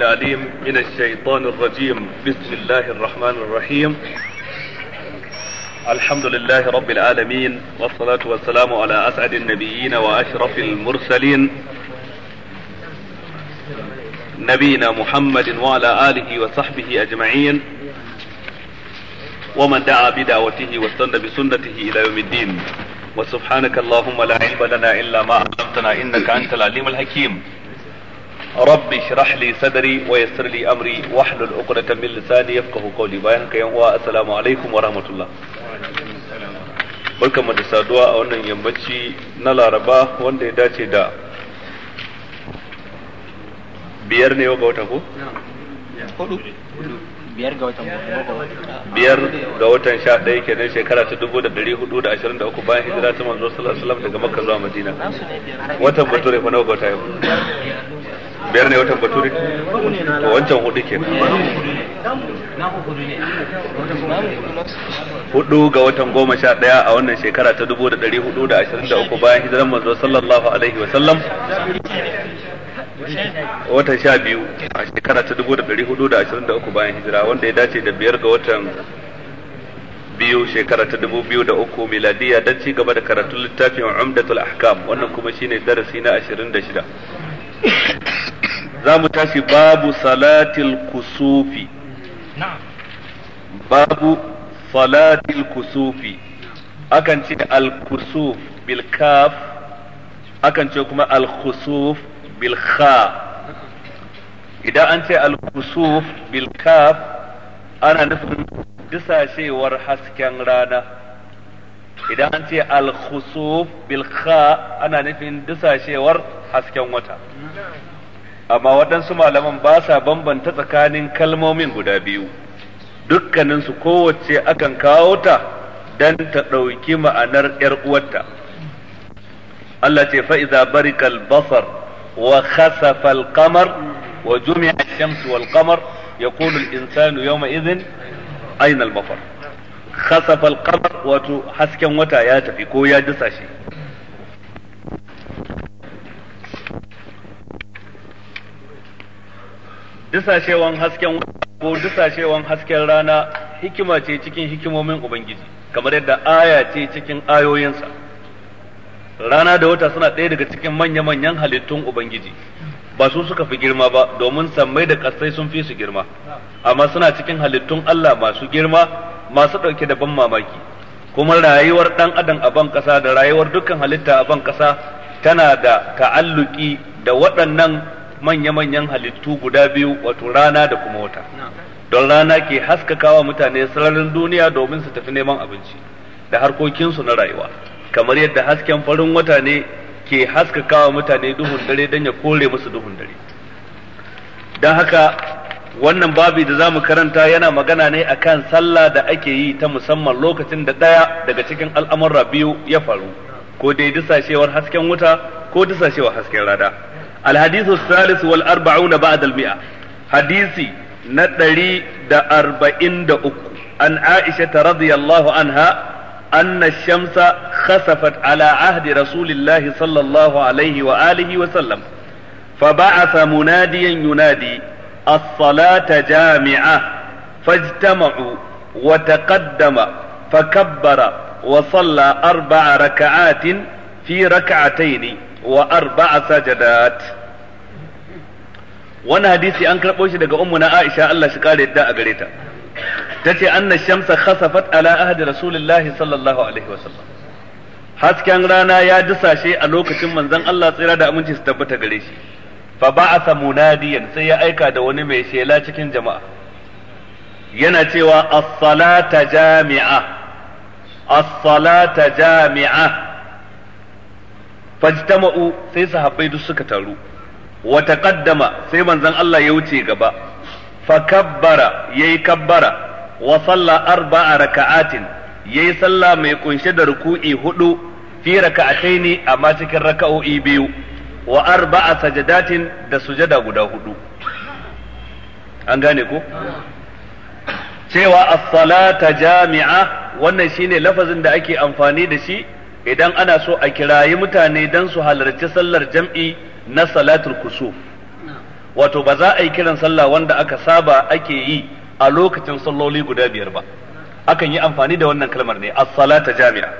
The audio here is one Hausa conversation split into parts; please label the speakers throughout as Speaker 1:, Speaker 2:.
Speaker 1: العليم من الشيطان الرجيم بسم الله الرحمن الرحيم الحمد لله رب العالمين والصلاة والسلام على أسعد النبيين وأشرف المرسلين نبينا محمد وعلى آله وصحبه أجمعين ومن دعا بدعوته واستنى بسنته إلى يوم الدين وسبحانك اللهم لا علم لنا إلا ما علمتنا إنك أنت العليم الحكيم rabbi shirah li sadri wa yassir li amri wahlul 'uqdatan min lisani yafqahu qawli bayan ka yan uwa assalamu alaikum wa rahmatullah barkamu da saduwa a wannan yammaci na Laraba wanda ya dace da biyar ne ga wata ko
Speaker 2: biyar ga watan biyar
Speaker 1: ga watan sha ɗaya kenan shekara ta dubu da ɗari hudu da ashirin da uku bayan hijira ta manzo sallallahu alaihi wasallam daga makka zuwa madina watan bature fa nawa ga wata yau biyar ne watan baturi to wancan hudu ke hudu ga watan goma sha daya a wannan shekara ta dubu da dari hudu da ashirin da uku bayan hijiran manzo sallallahu alaihi wa sallam watan sha biyu a shekara ta dubu da dari hudu da ashirin da uku bayan hijira wanda ya dace da biyar ga watan biyu shekara ta dubu biyu da uku miladiya don ci gaba da karatun littafin umdatul ahkam wannan kuma shine darasi na ashirin da shida za mu tashi babu salatil kusufi babu salatil kusufi akan ce al-kusuf bil kaf akan ce kuma al-kusuf bil kha idan an ce al-kusuf bil kaf ana nufin disashewar hasken rana idan an ce al bil kha ana nufin dusashewar hasken wata amma waɗansu malaman ba sa bambanta tsakanin kalmomin guda biyu dukkaninsu kowace akan kawo ta don ta ɗauki ma'anar 'yar uwarta Allah ce fa'iza barikal basar wa khasafal kamar wa jumi'a shamsu wal kamar ya kulul insanu yawma izin ainal mafar khasafa al-qamar wato hasken wata ya tafi ko ya dasa shi dusashewan hasken ko dusashewan hasken rana hikima ce cikin hikimomin ubangiji kamar yadda aya ce cikin ayoyinsa rana da wata suna ɗaya daga cikin manya-manyan halittun ubangiji ba su suka fi girma ba domin sammai da kasai sun fi su girma amma suna cikin halittun Allah masu girma masu ɗauke da ban mamaki kuma rayuwar ɗan adam a ban ƙasa da rayuwar dukkan halitta a ban ƙasa tana da ta'alluki da waɗannan manya-manyan halittu guda biyu wato rana da kuma wata don rana ke haskakawa mutane sararin duniya domin su tafi neman abinci da harkokinsu na rayuwa kamar yadda hasken farin wata ne ke haskakawa mutane duhun dare don ya kore musu duhun dare don haka wannan babi da zamu karanta yana magana ne akan sallah da ake yi ta musamman lokacin da ɗaya daga cikin al'amurra biyu ya faru ko dai dusashewar hasken wuta ko dusashewar hasken rada alhadithu salis wal arba'una ba'da al mi'a hadisi na ɗari da arba'in da uku an aisha radiyallahu anha أن الشمس ala على عهد رسول الله صلى الله عليه وآله وسلم فبعث Asalata jami'a fajtama'u wa taqaddama fakabbara wa salla arba'a raka'atin fi raka'ataini wa arba'a sajadat wani hadisi an karɓo shi daga ummuna Aisha Allah shi kare yadda a gare ta tace anna shamsa khasafat ala ahdi rasulillahi sallallahu alaihi wasallam hasken rana ya dusashe a lokacin manzon Allah tsira da aminci su tabbata gare shi fa ba'atha munadiyan sai ya aika da wani mai shela cikin jama'a yana cewa as-salata jami'a as-salata jami'a fajtama'u sai sahabbai duk suka taru wa taqaddama sai manzon Allah ya wuce gaba fa kabbara yayi kabbara wa salla arba'a raka'atin yayi sallah mai kunshe da ruku'i hudu fi raka'ataini amma cikin raka'o'i biyu wa arba'a sajadatin da sujada guda hudu an gane ko cewa as-salata jami'a wannan shine lafazin da ake amfani da shi idan ana so a kirayi mutane dan su halarci sallar jam'i na salatul kusuf wato ba za a yi kiran sallah wanda aka saba ake yi a lokacin salloli guda biyar ba akan yi amfani da wannan kalmar ne as-salata jami'a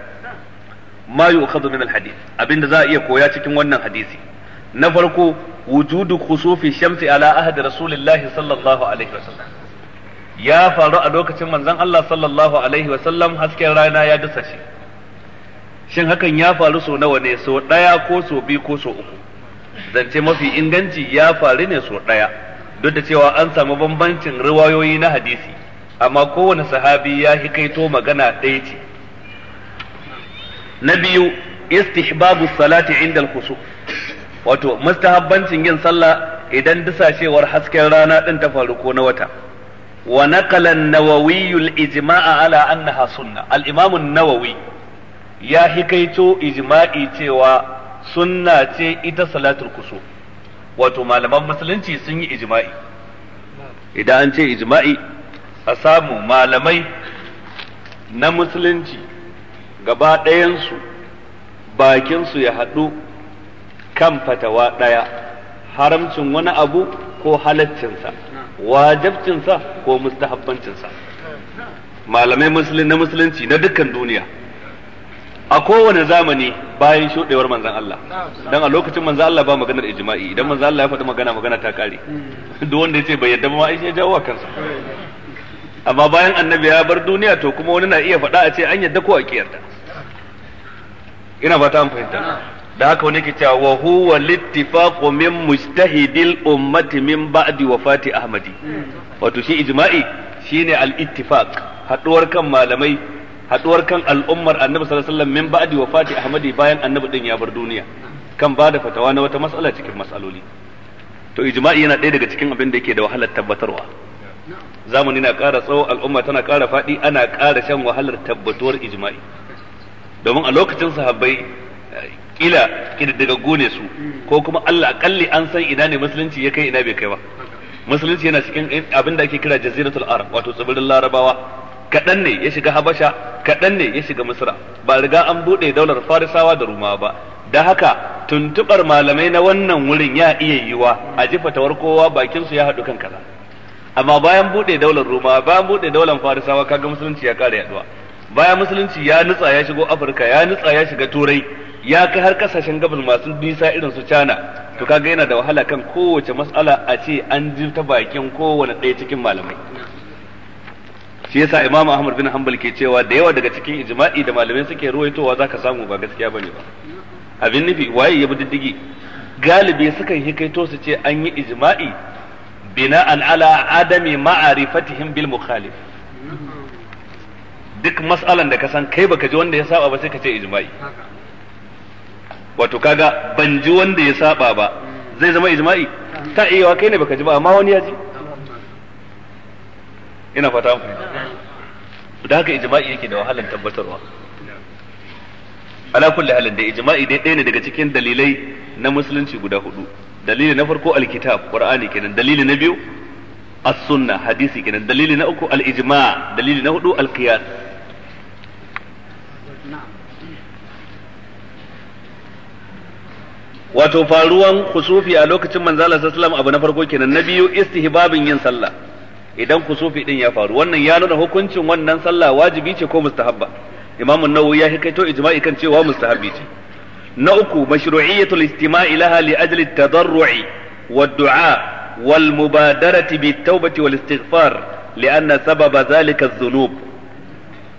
Speaker 1: ma yu'khadhu min al-hadith abinda za a iya koya cikin wannan hadisi na farko wujudu khusufi shamsi ala ahad rasulillahi sallallahu alaihi wasallam ya faru a lokacin manzon Allah sallallahu alaihi wasallam hasken rana ya dusa shi shin hakan ya faru so nawa ne so daya ko so biyu ko so uku zance mafi inganci ya faru ne so daya duk da cewa an samu bambancin riwayoyi na hadisi amma kowane sahabi ya kaito magana ɗaya ce na biyu istihbabu salati inda al-khusuf wato mustahabbancin yin sallah idan dusashewar hasken rana din ta faru ko na wata wa naqala an-nawawi al-ijma'a ala annaha sunna al-imam an-nawawi ya hikaito ijma'i cewa sunna ce ita salatul kusu wato malaman musulunci sun yi ijma'i idan an ce ijma'i a samu malamai na musulunci gaba ɗayansu bakinsu ya haɗu kan fatawa ɗaya haramcin wani abu ko halaccinsa wajabcinsa ko mustahabbancinsa malamai musulun na musulunci na dukkan duniya a kowane zamani bayan shuɗewar manzan Allah dan a lokacin manzan Allah ba maganar ijma'i idan manzan Allah ya faɗi magana magana ta kare
Speaker 2: hmm.
Speaker 1: duk wanda ya ce bai yadda ba ai ya jawo kansa amma bayan annabi ya bar duniya to kuma wani na iya faɗa a ce an yadda ko a kiyarta ina fata an fahimta da haka wani ke cewa wa huwa littifaqu min mujtahidil ummati min ba'di wafati ahmadi wato shi ijma'i shine al-ittifaq haduwar kan malamai haduwar kan al'ummar annabi sallallahu alaihi wasallam min ba'di wafati ahmadi bayan annabi din ya bar duniya kan bada fatawa na wata mas'ala cikin mas'aloli to ijma'i yana ɗaya daga cikin abin da yake da wahalar tabbatarwa zamani na ƙara tsawo al'umma tana ƙara faɗi ana ƙara shan wahalar tabbatuwar ijma'i domin a lokacin sahabbai kila kididdigaggu ne su ko kuma Allah akalli an san ina ne musulunci ya kai ina bai kai ba musulunci yana cikin abin da ake kira jaziratul arab wato tsibirin larabawa kaɗan ne ya shiga habasha kaɗan ne ya shiga misra ba riga an buɗe daular farisawa da rumawa ba da haka tuntubar malamai na wannan wurin ya iya yiwa a ji fatawar kowa bakin su ya haɗu kan kaza amma bayan buɗe daular rumawa bayan buɗe daular farisawa kaga musulunci ya ƙara yaduwa bayan musulunci ya nutsa ya shigo afirka ya nutsa ya shiga turai ya kai har kasashen gabas masu nisa irin su cana, to kaga yana da wahala kan kowace mas'ala a ce an ji ta bakin kowane ɗaya cikin malamai shi yasa Imam Ahmad bin Hanbal ke cewa da yawa daga cikin ijma'i da malamai suke ruwaitowa zaka samu ba gaskiya bane ba abin nufi waye ya bi diddigi galibi sukan hikaito su ce an yi ijma'i bina'an ala adami ma'arifatihim bil mukhalif duk mas'alan da ka san kai baka ji wanda ya saba ba sai ka ce ijma'i wato kaga ban ji wanda ya saba ba zai zama ijma'i ta iya eh, kai ne baka ji ba amma wani ya ji ina fata mu da haka ijma'i yake da wahalar tabbatarwa ala kulli halin da ijma'i dai ɗaya ne daga cikin dalilai na musulunci guda hudu dalili na farko alkitab qur'ani kenan dalili na biyu as-sunna hadisi kenan dalili na uku al-ijma' dalili na hudu al-qiyas wato faruwan kusufi a lokacin manzala sallam abu na farko kenan na biyu istihbabin yin sallah idan kusufi din ya faru wannan ya nuna hukuncin wannan sallah wajibi ce ko mustahabba imamu nawawi ya hikaito ijma'i kan cewa mustahabbi ce na uku mashru'iyyatul istima'i laha li ajli at-tadarru'i wad-du'a wal mubadarati bit-taubati wal istighfar li'anna sababa zalika adh-dhunub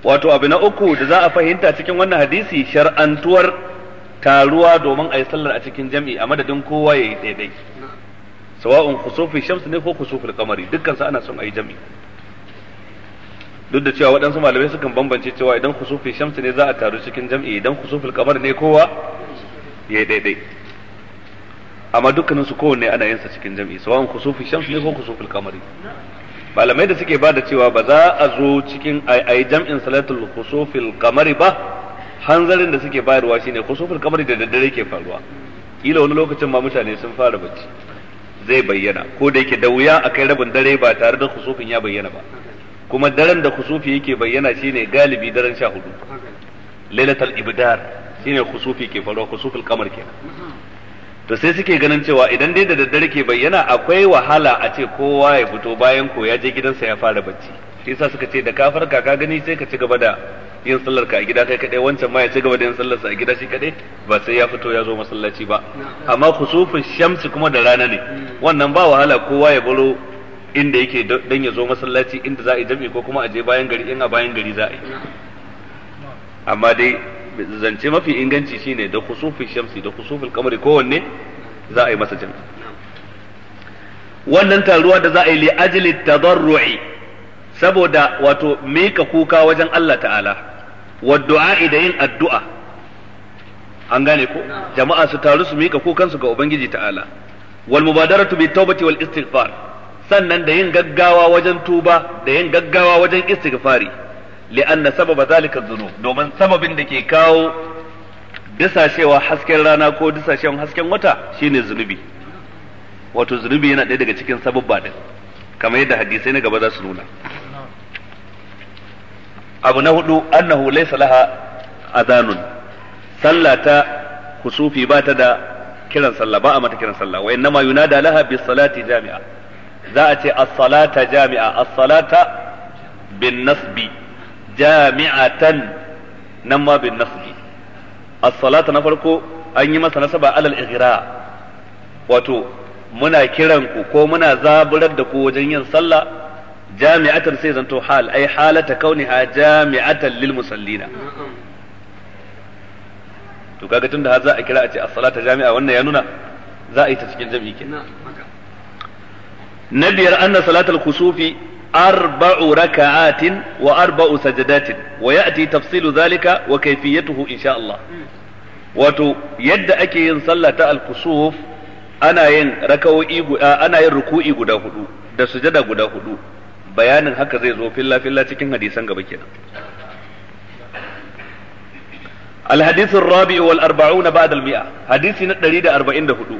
Speaker 1: wato abu na uku da za a fahimta cikin wannan hadisi shar'antuwar taruwa domin a yi sallar a cikin jam'i a madadin kowa ya yi daidai sawa'un kusufi shamsu ne ko kusufin kamari dukkan ana son a yi jam'i duk da cewa waɗansu malamai sukan bambance cewa idan kusufi shamsu ne za a taru cikin jam'i idan kusufin kamar ne kowa ya yi daidai amma dukkanin su kowanne ana yin sa cikin jam'i sawa'un kusufi shamsu ne ko kusufin kamari malamai da suke bada cewa ba za a zo cikin a yi jam'in salatul kusufi kamari ba hanzarin da suke bayarwa shine kusuful kamar da daddare ke faruwa kila wani lokacin ma mutane sun fara bacci zai bayyana ko da yake da wuya a kai rabin dare ba tare da kusufin ya bayyana ba kuma daren da kusufi yake bayyana shine galibi daren sha hudu lailatul ibdar shine kusufi ke faruwa kusuful kamar kenan to sai suke ganin cewa idan dai da daddare ke bayyana akwai wahala a ce kowa ya fito bayan ko ya je gidansa ya fara bacci shi yasa suka ce da kafar ka gani sai ka ci gaba da yin sallar ka a gida kai kadai wancan ma ya ci gaba da yin sallar sa a gida shi kadai ba sai ya fito ya zo masallaci ba amma kusufin shamsi kuma da rana ne hmm. wannan ba wahala kowa ya baro inda yake dan ya zo masallaci inda za a yi jami'i ko kuma a je bayan gari in a bayan gari za a yi amma dai zance mafi inganci shine da kusufin shamsi da kusufin kamari kowanne za a yi masa jami'i wannan taruwa da za a yi li ajli tadarru'i saboda wato mika kuka wajen Allah ta'ala wa du'a da yin addu'a an gane ko jama'a su taru su mika su ga ubangiji ta'ala wal mubadaratu bi tawbati wal istighfar sannan da yin gaggawa wajen tuba da yin gaggawa wajen istighfari li'anna sababa zalika dhunub domin sababin da ke kawo disashewa hasken rana ko disashewan hasken wata shine zunubi wato zunubi yana ɗaya daga cikin sababba din kamar yadda hadisai na gaba za su nuna abu na hudu annahu laysa laha adanun sallah ta kusufi ba ta da kiran sallah ba a mata kiran sallah wa innama yunada laha bis salati jami'a za a ce as-salata jami'a as-salata bin nasbi jami'atan nan ma bin nasbi as-salata na farko an yi masa nasaba alal ighra wato muna kiran ku ko muna zaburar da ku wajen yin sallah jami'atan sai zanto hal ai halata kauniha jami'atan lil musallina to kaga tunda har za a kira a ce as-salata jami'a wannan ya nuna za a yi ta cikin jami'i kenan na biyar anna salatal kusufi arba'u raka'atin wa arba'u sajadatin wa ya'ti tafsilu zalika wa kayfiyatuhu insha Allah wato yadda ake yin sallah ta al ana yin raka'o'i ana yin ruku'i guda hudu da sujada guda hudu bayanin haka zai zo filla filla cikin hadisan gaba kenan الحديث الرابع والأربعون بعد المئة حديث نتريد أربعين دهدو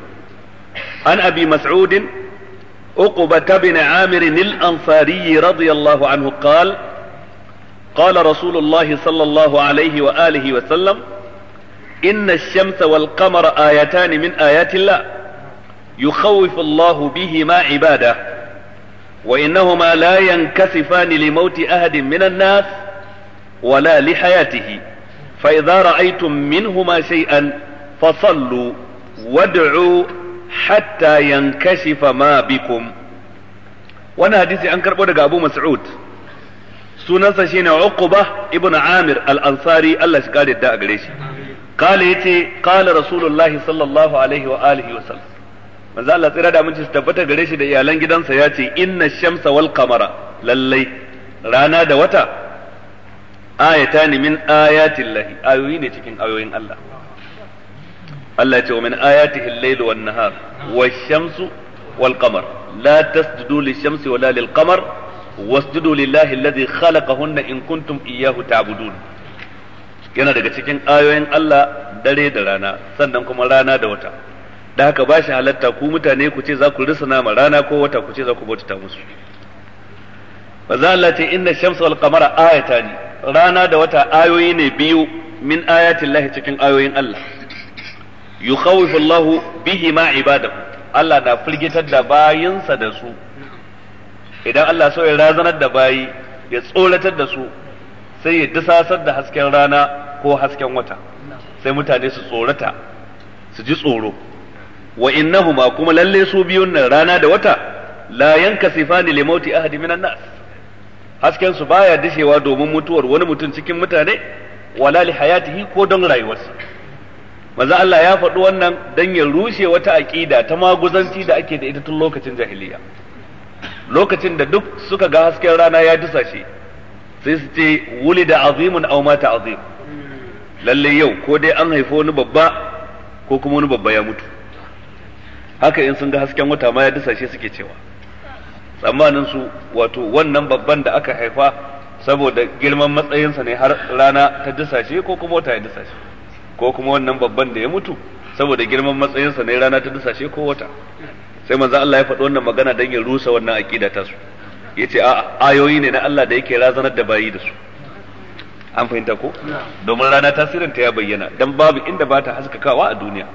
Speaker 1: عن أبي مسعود أقبة بن عامر الأنصاري رضي الله عنه قال قال رسول الله صلى الله عليه وآله وسلم إن الشمس والقمر آيتان من آيات الله يخوف الله بهما عباده wa innahuma la yankasifani li mauti ahadin minan nas wala li hayatihi fa idza ra'aytum minhuma shai'an fasallu wad'u hatta yankashifa ma bikum wannan hadisi an karbo daga Abu Mas'ud sunansa shine Uqba ibn Amir al-Ansari Allah shi kare da a gare shi kale yace kala Rasulullahi sallallahu alaihi wa alihi wa sallam manzo Allah tsira da aminci su tabbata gare shi da iyalan gidansa ya ce inna shamsa wal qamara lallai rana da wata ayatani min ayatin lahi ayoyi ne cikin ayoyin Allah Allah ya ce wa min ayatihi al-layl wan nahar wash-shamsu wal qamar la tasjudu lish-shamsi wala lil-qamar wasjudu lillahi alladhi khalaqahunna in kuntum iyyahu ta'budun yana daga cikin ayoyin Allah dare da rana sannan kuma rana da wata da haka ba shi halatta ku mutane ku ce za ku risa nama, rana ko wata ku ce za ku bauta musu manzo Allah ce inna shamsu wal qamara ayatani rana da wata ayoyi ne biyu min ayati lahi cikin ayoyin Allah yukhawifu Allah bihi ma ibadahu Allah na firgitar da bayinsa da su idan Allah so ya razanar da bayi ya tsoratar da su sai ya dusasar da hasken rana ko hasken wata sai mutane su tsorata su ji tsoro wa innahuma kuma lalle su biyun nan rana da wata la sifani li mauti ahadi minan nas hasken su baya dishewa domin mutuwar wani mutum cikin mutane wala li hayatihi ko don rayuwarsa maza Allah ya faɗi wannan dan ya rushe wata aqida ta maguzanci da ake da ita tun lokacin jahiliya lokacin da duk suka ga hasken rana ya dusashe, sai su ce wuli da azimun aw mata azim lalle yau ko dai an haifo wani babba ko kuma wani babba ya mutu haka in sun ga hasken wata ma ya dusashe suke cewa tsammanin su wato wannan babban da aka haifa saboda girman matsayinsa ne har rana ta dusashe ko kuma wata ya dusashe ko kuma wannan babban da ya mutu saboda girman matsayinsa ne rana ta dusashe ko wata sai manzo Allah ya faɗi wannan magana dan ya rusa wannan aqida ta su yace a ayoyi ne na Allah da yake razanar da bayi da su an fahimta ko domin rana tasirin ta ya bayyana dan babu inda ba ta haskakawa a duniya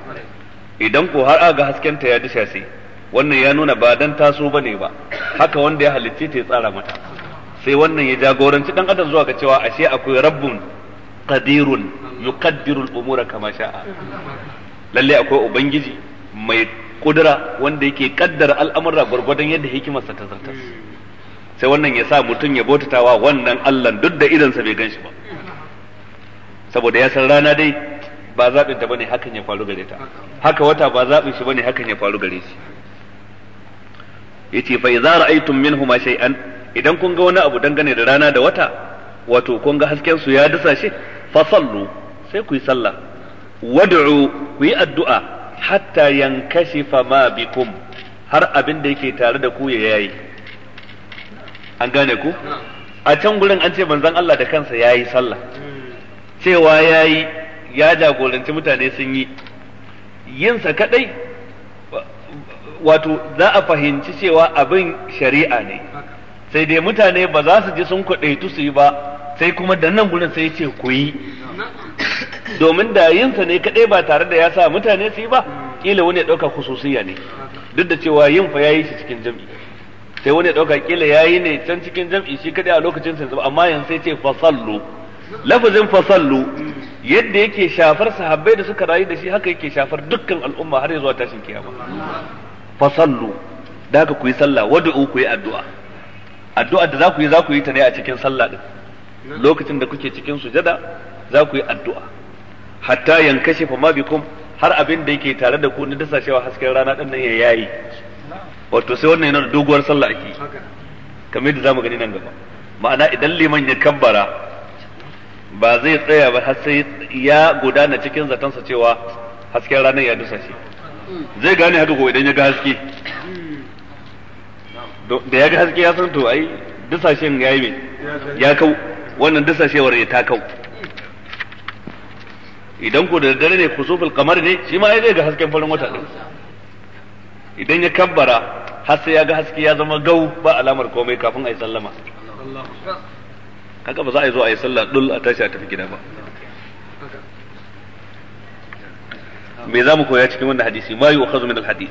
Speaker 1: idan ko har aga haskenta ya disha sai wannan ya nuna ba dan taso bane ba haka wanda ya halicce ta ya tsara mata sai wannan ya jagoranci dan adam zuwa ga cewa ashe akwai rabbun qadirun yuqaddiru al-umura kama sha'a lalle akwai ubangiji mai kudura wanda yake kaddara al'amura gwargwadon yadda hikimarsa ta zarta sai wannan ya sa mutum ya bautatawa wannan Allah duk da sa bai gan shi ba saboda ya san rana dai ba zaɓin ta bane hakan ya faru gare ta haka wata ba zaɓin shi bane hakan ya faru gare shi yace fa idza ra'aytum minhum shay'an idan kun ga wani abu dangane da rana da wata wato kun ga hasken su ya dasa shi fa sallu sai ku yi sallah wad'u ku yi addu'a hatta yankashifa ma bikum har abin da yake tare da ku ya yayi an gane ku a can gurin an ce manzon Allah da kansa yayi sallah cewa yayi ya jagoranci mutane sun yi yinsa kadai wato za a fahimci cewa abin shari'a ne sai dai mutane ba za su ji sun kwaɗaitu su yi ba sai kuma da nan gurin sai ce ku yi domin da yinsa ne kadai ba tare da ya sa mutane su yi ba kila wani ya ɗauka kususiyya ne duk da cewa yin fa ya yi shi cikin jam'i sai wani ya ɗauka kila ya yi ne can cikin jam'i shi kadai a lokacin sa amma yanzu sai ce fasallu lafazin fasallu yadda yake shafar sahabbai da suka rayu da shi haka yake shafar dukkan al'umma har zuwa tashin kiyama fa sallu da ku yi sallah wad'u ku yi addu'a addu'a da za ku yi za ku yi ta ne a cikin sallah din lokacin da kuke cikin sujada za ku yi addu'a hatta fa ma bikum har abin da yake tare da ku dasa dasashewa hasken rana din nan ya yayi wato sai wannan yana da doguwar sallah ake kamar yadda zamu gani nan gaba ma'ana idan liman ya kabbara ba zai tsaya ba har sai ya gudana cikin zatansa cewa hasken ranar ya dusa shi zai gane haka ko idan ya ga haske da ya ga haske ya san to ai dusashen ya yi ya kau wannan dusashewar ya ta kau idan ko da dare ne kusuful kamar ne shi ma zai ga hasken farin wata din idan ya kabbara har sai ya ga haske ya zama gau ba alamar komai kafin a yi sallama haka ba za a yi zo a yi sallah dul a tashi a tafi gida ba me za mu koya cikin wannan hadisi ma yi ukhazu min alhadith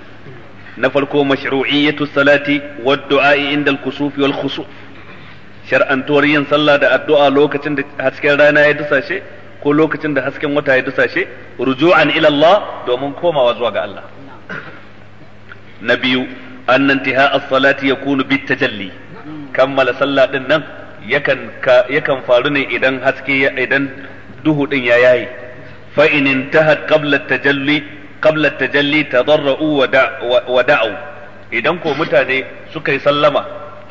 Speaker 1: na farko mashru'iyyatu salati wa du'a'i inda al-kusuf wal khusuf shar'antuwar yin sallah da addu'a lokacin da hasken rana ya dusashe ko lokacin da hasken wata ya dusashe ruju'an ila Allah domin komawa zuwa ga Allah na biyu annan tiha as-salati yakunu bit tajalli kammala sallah din nan yakan faru ne idan haske idan duhu din ya yayi fa in intahat qabla tajalli qabla tajalli tadarru wa da'u idan ko mutane suka yi sallama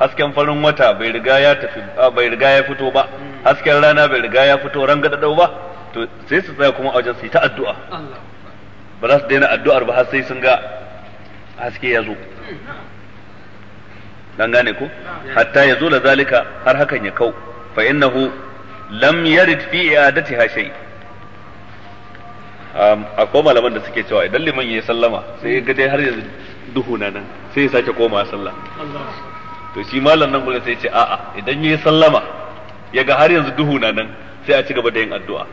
Speaker 1: hasken farin wata bai riga ya tafi ah, bai riga ya fito ba hasken rana bai riga ya fito rangadadau ba to sai su tsaya kuma a wajen su ta addu'a ba za su daina addu'ar ba har sai sun ga haske ya zo dan gane ko hatta ya zula zalika har hakan ya kau fa innahu lam yarid fi ha shay um, akwai malaman da suke cewa idan liman ya sallama sai ga dai har yanzu duhu na nan sai ya sake koma sallah to shi malam nan gure sai ya ce a'a idan ya sallama ya ga har yanzu duhu na nan sai a ci gaba da yin addu'a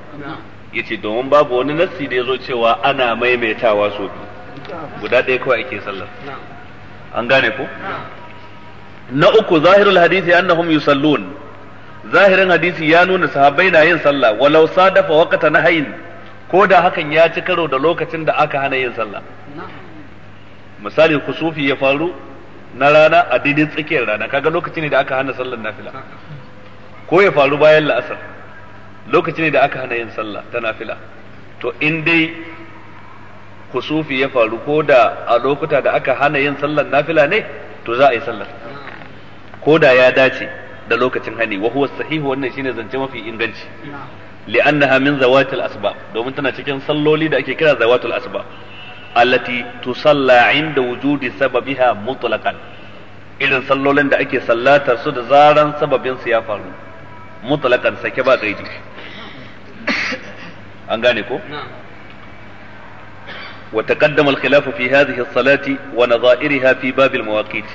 Speaker 1: ya ce domin babu wani nassi da ya zo cewa ana maimaitawa so biyu guda ɗaya kawai ake sallar an gane ko na uku zahirul hadisi annahum yusallun zahirin hadisi ya nuna sahabbai na yin sallah walau sadafa waqta nahayin ko da hakan ya ci karo da lokacin da aka hana yin sallah misali kusufi ya faru na rana a didin tsakiyar rana kaga lokaci ne da aka hana sallar nafila ko ya faru bayan la'asar lokaci ne da aka hana yin sallah ta nafila to in dai kusufi ya faru ko da a lokuta da aka hana yin sallar nafila ne to za a yi sallar ko da ya dace da lokacin hani wa huwa sahihu wannan shine zance mafi inganci li'annaha min zawatil asbab domin tana cikin salloli da ake kira zawatul asbab allati tusalla inda wujudi sababiha mutlaqan irin sallolin da ake sallatar su da zaran sababin su ya faru mutlaqan sake ba kaidi an gane ko وتقدم الخلاف في هذه الصلاة ونظائرها في باب المواقيت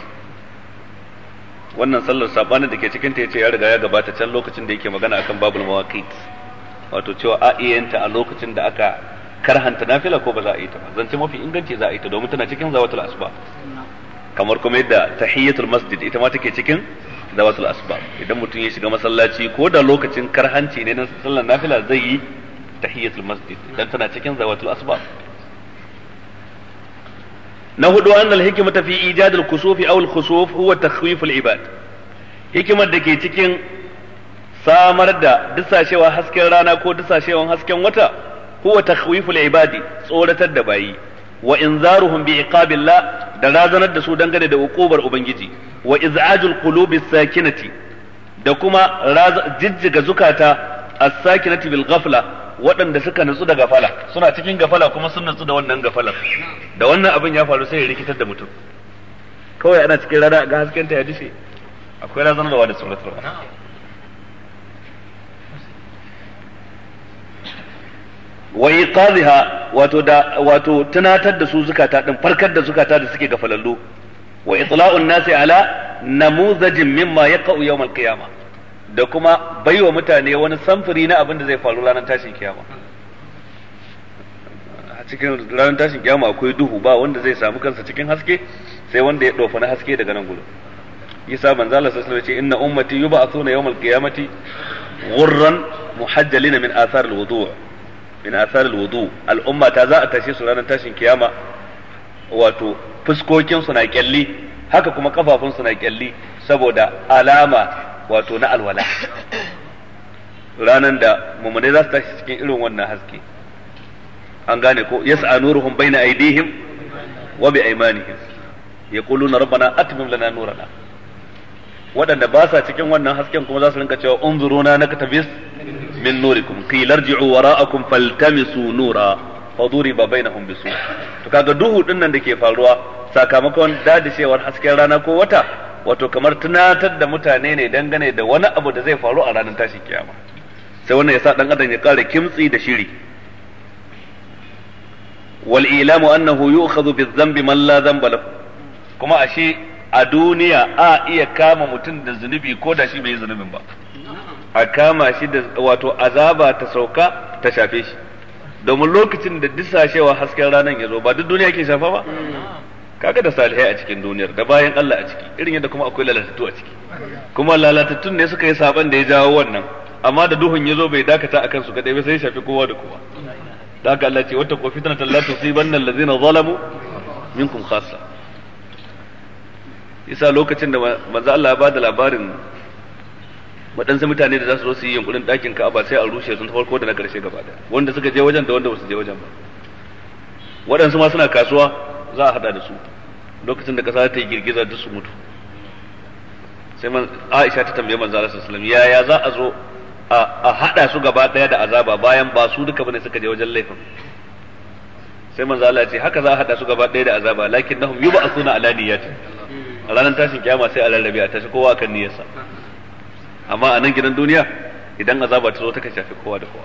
Speaker 1: wannan sallar sabanin da ke cikin ta yace ya riga ya gabata can lokacin da yake magana akan babul mawaqit wato cewa a iyanta a lokacin da aka karhanta nafila ko ba za a yi ta ba zance mafi inganci za a yi ta domin tana cikin zawatul asbab kamar kuma yadda tahiyatul masjid ita ma take cikin zawatul asbab idan mutum ya shiga masallaci ko da lokacin karhanci ne na sallar nafila zai yi tahiyatul masjid dan tana cikin zawatul asba na hudu annal hikima fi ijad al kusufi aw al huwa ibad hikimar da ke cikin samar da dusashewa hasken rana ko dusashewan hasken wata huwa takhwif ibad tsoratar da bayi wa inzaruhum bi iqabillah da razanar da su dangane da ukubar ubangiji wa iz'ajul qulubi sakinati da kuma jijjiga zukata as-sakinati bil ghafla waɗanda suka nutsu da gafala suna cikin gafala kuma sun nutsu da wannan gafalar da wannan abin ya faru sai ya rikitar da mutum kawai ana cikin rana ga hasken ta ya dishe akwai razanarwa da suratul wa iqadhiha wato da wato tunatar da su zukata din farkar da zukata da suke gafalallu wa itla'un nasi ala namuzajin mimma yaqa'u yawm al-qiyamah da kuma baiwa mutane wani samfuri na abin da zai faru ranar tashin kiyama a cikin ranar tashin kiyama akwai duhu ba wanda zai samu kansa cikin haske sai wanda ya dofa na haske daga nan gudu yasa manzo Allah sallallahu alaihi wasallam ce inna ummati yub'athuna yawmal qiyamati ghurran muhajjalina min athar alwudu' min athar alwudu' al'umma ta za a tashe su ranar tashin kiyama wato fuskokin su na kyalli haka kuma kafafun su na kyalli saboda alama wato na alwala ranan da mumunai za su tashi cikin irin wannan haske an gane ko yas'a nuruhum baina aidihim wa bi aymanihim yaquluna rabbana atmim lana nurana waɗanda ba sa cikin wannan hasken kuma za su rinka cewa unzuruna naktabis min nurikum qila irji'u wara'akum faltamisu nura faduriba bainahum bisu to kaga duhu din nan dake faruwa sakamakon dadishewar hasken rana ko wata wato kamar tunatar da mutane ne dangane da wani abu da zai faru a ranar tashin kiyama sai wannan yasa dan adam ya kara kimtsi da shiri wal ilamu annahu yu'khadhu bi dhanbi man la dhanba lahu kuma ashe a duniya a iya kama mutum da zunubi ko da shi bai yi zunubin ba a kama shi da wato azaba ta sauka ta shafe shi domin lokacin da dissashewa hasken ranar ya zo ba duk duniya ke shafa ba kaga da salihai a cikin duniyar da bayan Allah a ciki irin yadda kuma akwai lalatattu a ciki kuma lalatattun ne suka yi saban da ya jawo wannan amma da duhun ya zo bai dakata akan su kadai ba sai ya shafi kowa da kowa da haka Allah ce wata ko fitnata la tusiban allazina zalamu minkum khassa isa lokacin da manzo Allah ya bada labarin waɗansu mutane da za su zo su yi yunkurin ɗakin Ka'aba sai a rushe sun farko da na ƙarshe gaba wanda suka je wajen da wanda ba su je wajen ba waɗansu ma suna kasuwa za a hada da su lokacin da kasa ta yi girgiza duk su mutu sai man Aisha ta tambaye manzo Allah sallallahu alaihi wasallam yaya za a zo a hada su gaba daya da azaba bayan ba su duka bane suka je wajen laifin sai manzo Allah ya ce haka za a hada su gaba daya da azaba nahum yub'athuna ala niyyati a ranar tashin kiyama sai a rarrabe a tashi kowa kan niyyarsa amma a nan gidan duniya idan azaba ta zo ta shafi kowa da kowa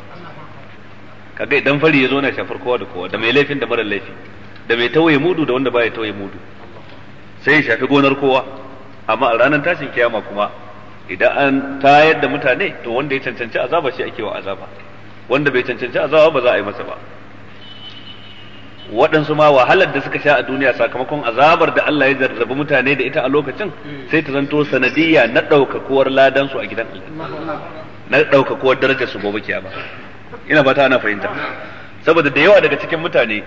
Speaker 1: kaga idan fari ya zo na shafar kowa da kowa da mai laifin da mara laifi da mai tawaye mudu da wanda baya tawaye mudu sai ya shafi gonar kowa amma a ranar tashin kiyama kuma idan an tayar da mutane to wanda ya cancanci azaba shi ake wa azaba wanda bai cancanci azaba ba za a yi masa ba waɗansu ma wahalar da suka sha a duniya sakamakon azabar da Allah ya jarrabi mutane da ita a lokacin sai ta zanto sanadiyya na ɗaukakuwar ladansu a gidan Allah na ɗaukakuwar darajar su gobe kiyama ina ba ta ana fahimta saboda da yawa daga cikin mutane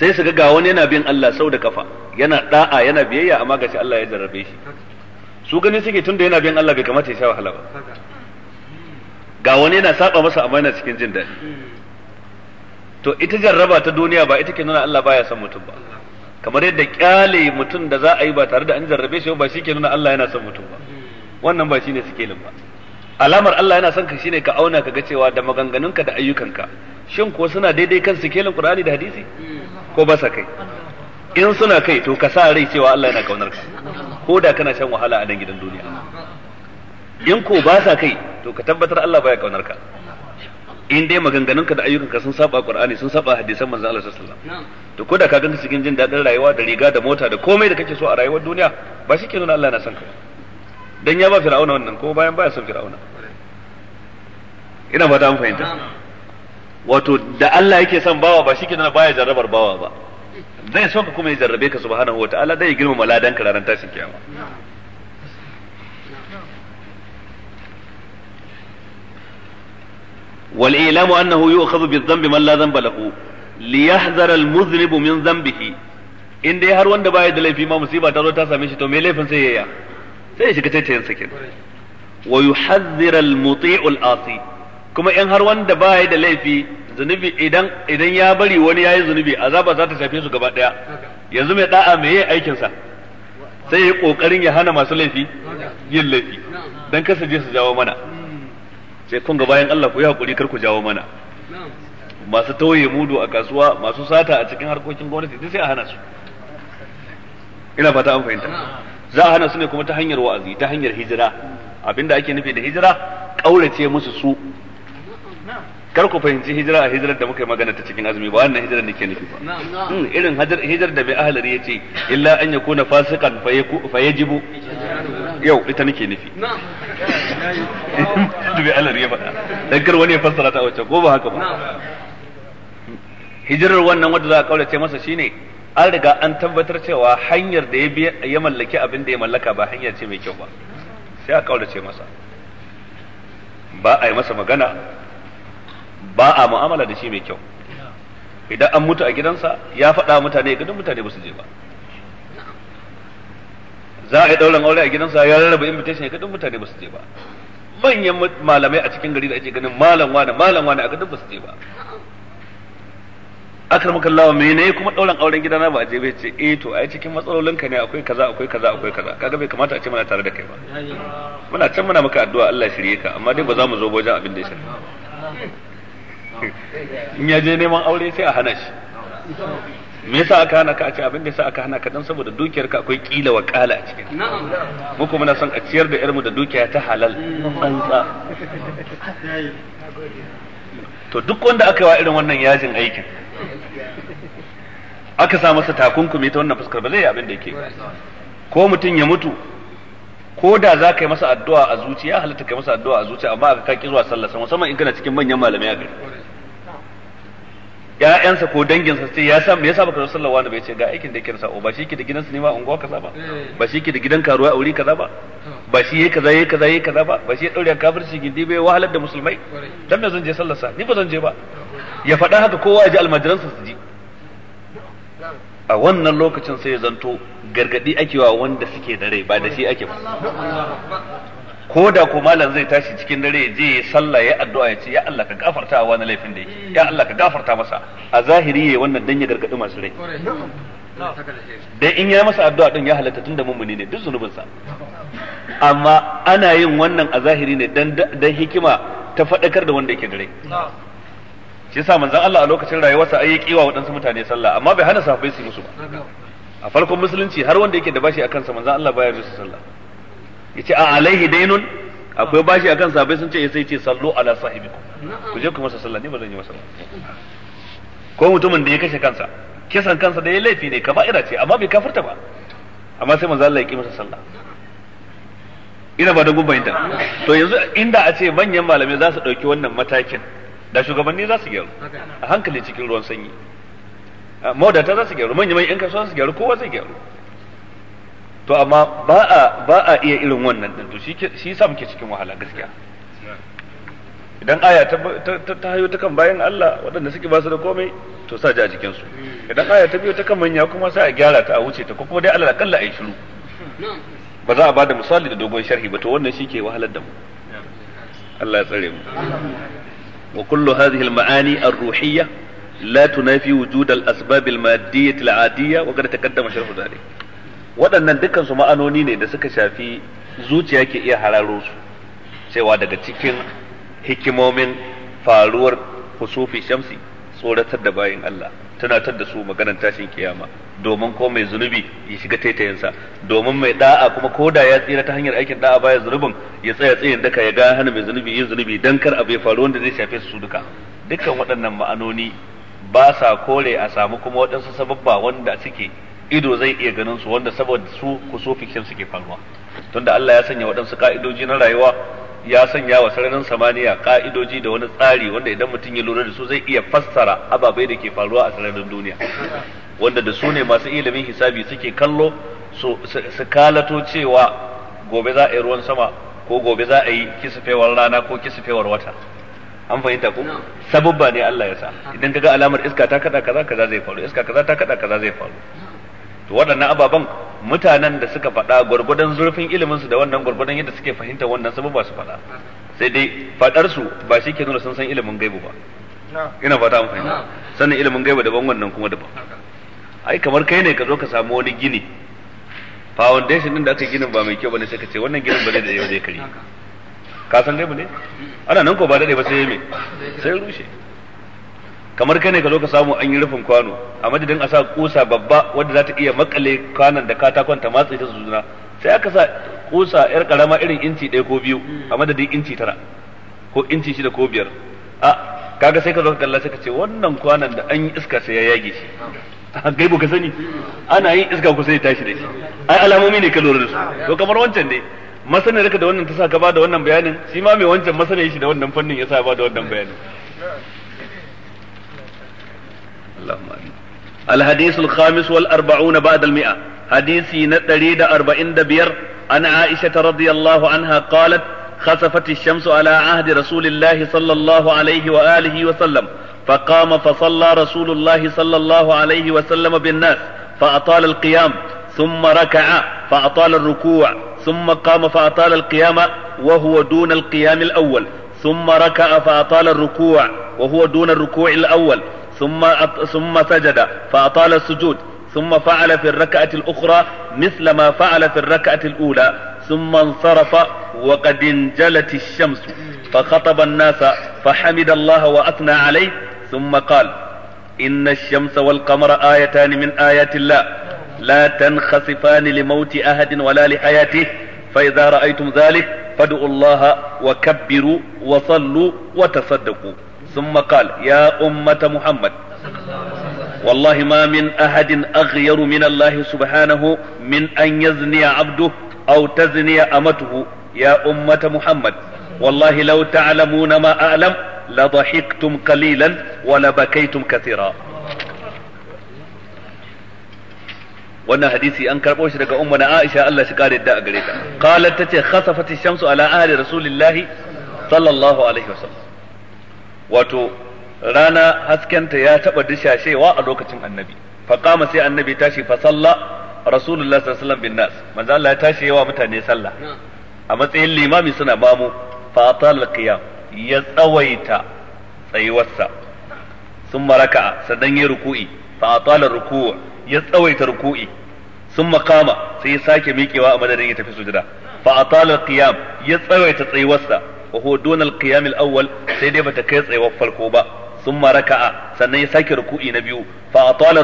Speaker 1: sai su ga wani yana bin Allah sau da kafa yana da'a yana biyayya amma gashi Allah ya jarrabe shi su gani suke tunda yana bin Allah bai kamata ya sha wahala ba ga wani yana saba masa amma yana cikin jin daɗi to ita jarraba ta duniya ba ita ke nuna Allah baya son mutum ba kamar yadda kyale mutum da za a yi ba tare da an jarrabe shi ba shi ke nuna Allah yana son mutum ba wannan ba shine sikelin ba alamar Allah yana son ka shine ka auna ka ga cewa da maganganunka da ayyukanka shin ko suna daidai kan sikelin Qur'ani da hadisi ko ba sa kai in suna kai to ka sa rai cewa Allah yana kaunar ka ko da kana shan wahala a nan gidan duniya in ko ba sa kai to ka tabbatar Allah baya kaunar ka in dai maganganunka da ayyukanka sun saba Qur'ani sun saba hadisan manzon Allah sallallahu alaihi wasallam to ko da ka ganka cikin jin dadin rayuwa da riga da mota da komai da kake so a rayuwar duniya ba shi ke nuna Allah yana son ka dan ya ba fir'auna wannan ko bayan baya son fir'auna ina ta amfani fahimta wato da Allah yake son bawa ba ke nan baya jarrabar bawa ba zai so ka kuma ya jarrabe ka subhanahu wataala dai ya girma ladan ka ranar tashin kiyama والإعلام أنه يؤخذ بالذنب من لا ذنب له ليحذر المذنب من ذنبه in dai har wanda baya da laifi ma musiba ta zo ta same shi to me laifin sai yaya sai ya shiga taitayin sakin wa yuhadhdhir al muti'u al asi kuma in har wanda ba ya da laifi zunubi idan idan ya bari wani ya yi zunubi azaba za ta shafe su gaba daya yanzu mai da'a me yi aikinsa sa sai yayi kokarin ya hana masu laifi yin laifi dan kasa je su jawo mana hmm. sai kun Allah ku yi hakuri kar ku jawo mana masu tauye mudu a kasuwa masu sata a cikin harkokin gwamnati duk sai a hana su ina fata an fahimta za a hana su ne kuma ta hanyar wa'azi ta hanyar hijira hmm. abinda ake nufi da hijira kaurace musu su kar ku fahimci hijira a hijirar da muka yi magana ta cikin azumi ba wannan hijirar nake nufi
Speaker 2: ba hmm,
Speaker 1: irin hijirar da bai ahlari yace illa an yakuna fasikan fa yajibu yau ita nake nufi da bai ahlari ya faɗa dan kar wani ya fassara ta wacce ko ba haka ba hijirar wannan wanda za a kaulace masa shine an riga an tabbatar cewa hanyar da ya mallaki abin da ya mallaka ba hanyar ce mai kyau ba sai a kaulace masa ba a yi masa magana ba a mu'amala da shi mai kyau idan an mutu a gidansa ya faɗa mutane gidan mutane ba su je ba za a yi ɗaurin aure a gidansa ya rarraba invitation ya gidan mutane ba su je ba manyan malamai a cikin gari da ake ganin malam wane malam wane a gidan ba su je ba akar maka lawa me ne kuma ɗaurin auren gidana ba a je bai ce eh to ai cikin matsalolin ka ne akwai kaza akwai kaza akwai kaza kaga bai kamata a ce muna tare da kai ba muna can muna maka addu'a Allah shirye ka amma dai ba za mu zo wajen abin da ya
Speaker 2: shafi
Speaker 1: in ya je neman aure sai a hana shi me yasa aka hana ka a ce abin da yasa aka hana ka dan saboda dukiyar ka akwai kila wa kala a cikin mu kuma na son a ciyar da yarmu da dukiya ta halal tsantsa to duk wanda aka yi wa irin wannan yajin aikin aka sa masa takunkumi ta wannan fuskar ba zai yi abin da yake ko mutum ya mutu ko da za ka yi masa addu'a a zuciya halitta ka yi masa addu'a a zuciya amma aka kaki zuwa sallah musamman in kana cikin manyan malamai a gari ya'yansa ko danginsa sai ya sa me yasa baka zo sallar wani bai ce ga aikin da yake sa'o. ba shi yake da gidansa ne ma unguwa kaza ba eh. ba shi yake da gidan karuwa aure kaza ba ba shi yake kaza yake kaza yake kaza ba ba shi ya daure kafirci gindi bai wahalar da musulmai dan me zan je sallar sa ni ba zan je ba ya faɗa haka kowa ya ji almajiransa su ji a wannan lokacin sai ya zanto gargadi ake wa wanda suke da rai ba da shi ake ba ko da ko malam zai tashi cikin dare je ya sallah ya addu'a ya ce ya Allah ka gafarta wa wani laifin da yake ya Allah ka gafarta masa a zahiri yayi wannan dan ya gargadi masu rai dan in ya masa addu'a din ya halatta tunda mummuni ne duk zunubin sa amma ana yin wannan a zahiri ne dan dan hikima ta fadakar da wanda yake da rai shi yasa manzon Allah a lokacin rayuwarsa ai ya kiwa waɗansu mutane sallah amma bai hana sahabbai su musu ba a farkon musulunci har wanda yake da bashi akan sa manzon Allah baya musu sallah yace a alaihi dainun akwai bashi akan sabai sun ce eh, sai ce sallu ala sahibikum ku je ku masa sallah ni ba zan yi masa ko mutumin da ya kashe kansa kisan kansa da ya laifi ne ira ce amma bai kafirta ba amma sai manzo Allah ya ki masa sallah ina ba da ta to yanzu inda a ce manyan malamai za su ɗauki wannan matakin da shugabanni za su gyaru a hankali cikin ruwan sanyi mawadata za su gyaru manyan yan kasuwa za su gyaru kowa zai gyaru to amma ba a ba a iya irin wannan din to shi shi yasa muke cikin wahala gaskiya idan aya ta ta hayo ta kan bayan Allah waɗanda suke ba su da komai to sa ji a jikin su idan aya ta biyo ta kan manya kuma sai a gyara ta a wuce ta ko kuma dai Allah kalla ayi shiru ba za a bada misali da dogon sharhi ba to wannan shi ke wahalar da mu Allah ya tsare mu wa kullu hadhihi al-ma'ani ar-ruhiyya la tunafi wujud al-asbab al-madiyyah al-'adiyya wa qad taqaddama sharhu dhalik waɗannan dukkan su ma'anoni ne da suka shafi zuciya ke iya hararo su cewa daga cikin hikimomin faruwar husufi shamsi tsoratar da bayin Allah tunatar da su maganar tashin kiyama domin ko mai zunubi ya shiga taitayinsa domin mai da'a kuma ko da ya tsira ta hanyar aikin da'a baya zunubin ya tsaya tsayin daka ya ga hana mai zunubi yin zunubi dan kar abu ya faru wanda zai shafe su duka dukkan waɗannan ma'anoni ba sa kore a samu kuma waɗansu sababba wanda suke ido zai iya ganin su wanda saboda su kusofikin suke faruwa tunda Allah ya sanya waɗansu ka'idoji na rayuwa ya sanya wa sararin samaniya ka'idoji da wani tsari wanda idan mutum ya lura da su zai iya fassara ababai da ke faruwa a sararin duniya wanda da su ne masu ilimin hisabi suke kallo su kalato cewa gobe za a yi ruwan sama ko gobe za a yi kisufewar rana ko kisufewar wata an fahimta ko sabubba ne Allah ya sa idan kaga alamar iska ta kada kaza kaza zai faru iska kaza ta kada kaza zai faru to waɗannan ababen mutanen da suka faɗa gwargwadon zurfin ilimin su da wannan gwargwadon yadda suke fahimta wannan sabu ba su faɗa sai dai faɗar su ba shi ke nuna sun san ilimin gaibu ba ina fata mu fahimta sannan ilimin gaibu daban wannan kuma daban ai kamar kai ne ka zo ka samu wani gini foundation din da aka ginin ba mai kyau bane sai ka ce wannan ginin ba zai da yau zai kare ka san gaibu ne ana nan ko ba daɗe ba sai ya me sai rushe kamar kai ne ka zo ka samu an yi rufin kwano a madadin a sa kusa babba wadda za ta iya makale kwanan da katakon ta matse ta juna sai aka sa kusa yar karama irin inci ɗaya ko biyu a madadin inci tara ko inci shida ko biyar a kaga sai ka zo ka kalla sai ka ce wannan kwanan da an yi iska sai ya yage shi gaibu ka sani ana yin iska kusa ya tashi da shi ai alamomi ne ka lura da su to kamar wancan ne masanin raka da wannan ta sa ka ba da wannan bayanin shi ma mai wancan masanin shi da wannan fannin ya sa ba da wannan bayanin اللهم امين الحديث الخامس والأربعون بعد المئة حديثي نتريد أربعين دبير عن عائشة رضي الله عنها قالت خسفت الشمس على عهد رسول الله صلى الله عليه وآله وسلم فقام فصلى رسول الله صلى الله عليه وسلم بالناس فأطال القيام ثم ركع فأطال الركوع ثم قام فأطال القيام وهو دون القيام الأول ثم ركع فأطال الركوع وهو دون الركوع الأول ثم ثم سجد فأطال السجود ثم فعل في الركعة الأخرى مثل ما فعل في الركعة الأولى ثم انصرف وقد انجلت الشمس فخطب الناس فحمد الله وأثنى عليه ثم قال إن الشمس والقمر آيتان من آيات الله لا تنخسفان لموت أحد ولا لحياته فإذا رأيتم ذلك فادعوا الله وكبروا وصلوا وتصدقوا ثم قال يا أمة محمد والله ما من أحد أغير من الله سبحانه من أن يزني عبده أو تزني أمته يا أمة محمد والله لو تعلمون ما أعلم لضحكتم قليلا ولبكيتم كثيرا wannan hadisi an karɓo shi daga umma na Aisha Allah shi kare da a gare ta qalat tace khasafati shamsu ala ahli rasulillahi sallallahu alaihi wasallam wato rana haskenta ya taba dishashewa a lokacin annabi Faƙama sai annabi tashi fa salla rasulullahi sallallahu alaihi bin nas manzo Allah ya tashi yawa mutane sallah a matsayin limami suna bamu fa atal qiyam ya tsawaita tsayuwarsa sun maraka sannan ya ruku'i fa atala ruku' ya tsawaita ruku'i sun makama sai ya sake miƙewa a madadin ya tafi sujada fa atala qiyam ya tsawaita tsayuwarsa wa huwa dun al-qiyam awwal sai dai bata kai tsayawar farko ba thumma raka'a sannan ya sake ruku'i na biyu fa atala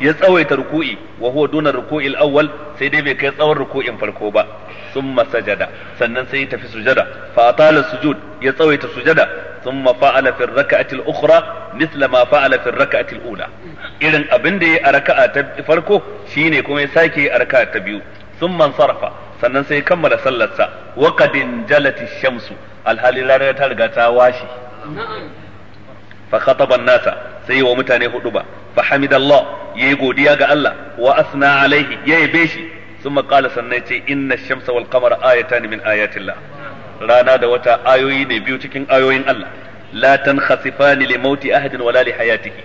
Speaker 1: ya tsawaita ruku'i wa huwa dun ruku'i al sai dai bai kai tsawon ruku'in farko ba thumma sajada sannan sai tafi sujada fa sujud ya tsawaita sujada thumma fa'ala fi ar-raka'ati al ma fa'ala fi ar-raka'ati al-ula irin abin da ya a raka'a ta farko shine kuma ya sake a raka'a ta biyu thumma sarafa sannan sai kammala sallarsa wa qadin jalati shamsu alhali rana ta riga ta washe fa khataba nasa sai wa mutane hudu ba fa hamidallah yayi godiya ga Allah wa asna alaihi yayi beshi thumma qala sannan ce inna shamsa wal qamara ayatan min ayatillah rana da wata ayoyi ne biyu cikin ayoyin Allah la tankhasifani li mauti ahadin wala li hayatihi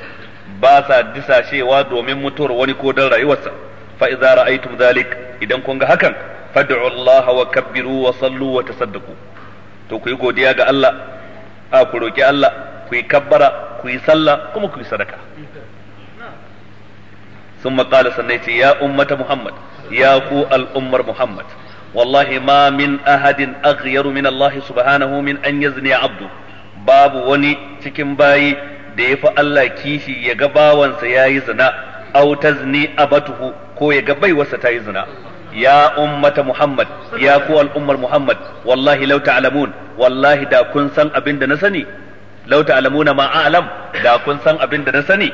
Speaker 1: ba sa disashewa domin mutuwar wani ko dan rayuwarsa fa idza ra'aytum dhalik idan kun ga hakan fad'u Allah wa kabbiru wa sallu wa tasaddaqu to ku yi godiya ga Allah a ku roki Allah ku yi kabbara ku yi sallah kuma ku yi sadaka ثم قال سنيتي يا أمة محمد يا كو الأمر محمد والله ما من أحد أغير من الله سبحانه من أن يزني عبده باب وني تكن باي ديف الله كيشي يغباوان سياي زنا أو تزني أبته كو يغباي وستاي زنا ya ummata muhammad ya ku al'ummar muhammad wallahi law ta'lamun na sani a'lam da kun san abin da na sani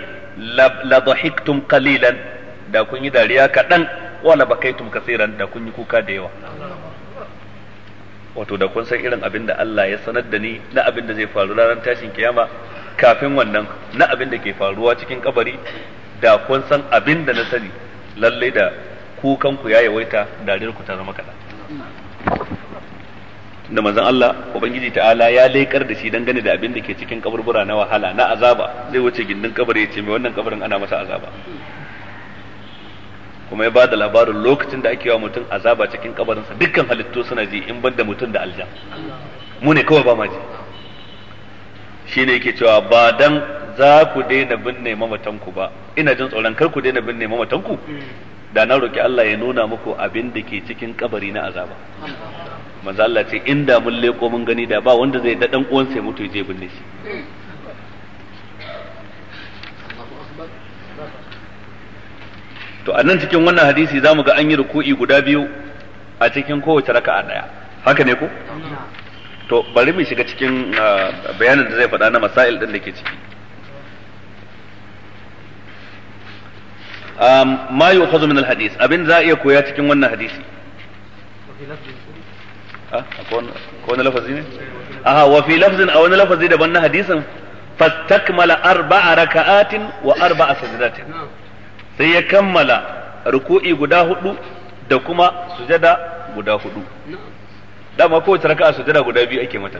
Speaker 1: la dhahiktum qalilan da kun yi dariya kaɗan wala da kun yi kuka da yawa wato da kun san irin abin da Allah ya sanar da ni na abin da zai faru ranar tashin kiyama kafin wannan na abin da ke faruwa cikin kabari da kun san abin da na sani lalle da kukan ku ya yawaita dariyar ku ta zama kaɗan da manzon Allah ubangiji ta'ala ya laikar da shi gane da abin da ke cikin kaburbura na wahala na azaba zai wuce gindin kabari ya ce mai wannan kabarin ana masa azaba kuma ya bada labarin lokacin da ake wa mutum azaba cikin sa dukkan halittu suna ji in banda mutum da aljan mu ne kawai ba ma ji shine yake cewa ba dan za ku daina binne ku ba ina jin tsoron kar ku daina binne ku? da na roki Allah ya nuna muku abin da ke cikin kabari na azaba manzo Allah ce inda mun leko mun gani da ba wanda zai daɗan uwan sai mutu ya je binne shi to a cikin wannan hadisi zamu ga an yi ruku'i guda biyu a cikin kowace raka'a ɗaya haka ne ko to bari mu shiga cikin ah, bayanin da zai faɗa na masail ɗin da ke ciki ما يؤخذ من الحديث ابن abin za a iya koya cikin wannan hadisi ko wani lafazi ne aha wa fi lafzin a wani lafazi daban na hadisin fastakmala arba'a raka'atin wa arba'a sajdatin sai ya kammala ruku'i guda da kuma sujada guda hudu dama kowace raka'a sujada guda biyu ake mata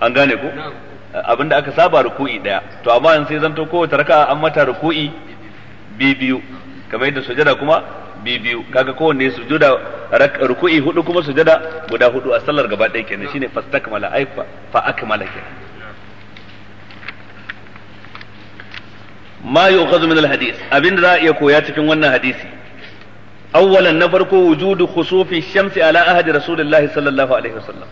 Speaker 1: an gane ko abinda aka saba ruku'i daya to amma yanzu sai zanto kowace raka'a an mata ruku'i biyu kamar yadda sujada kuma biyu kaga kowanne sujuda ruku'i hudu kuma sujada guda hudu a sallar gaba ɗaya kenan shine fastakmala ai fa akmala kenan ma yu'khadhu min al-hadith abin da za a iya koya cikin wannan hadisi awwalan na farko wujudu khusufi shamsi ala ahadi rasulillahi sallallahu alaihi wasallam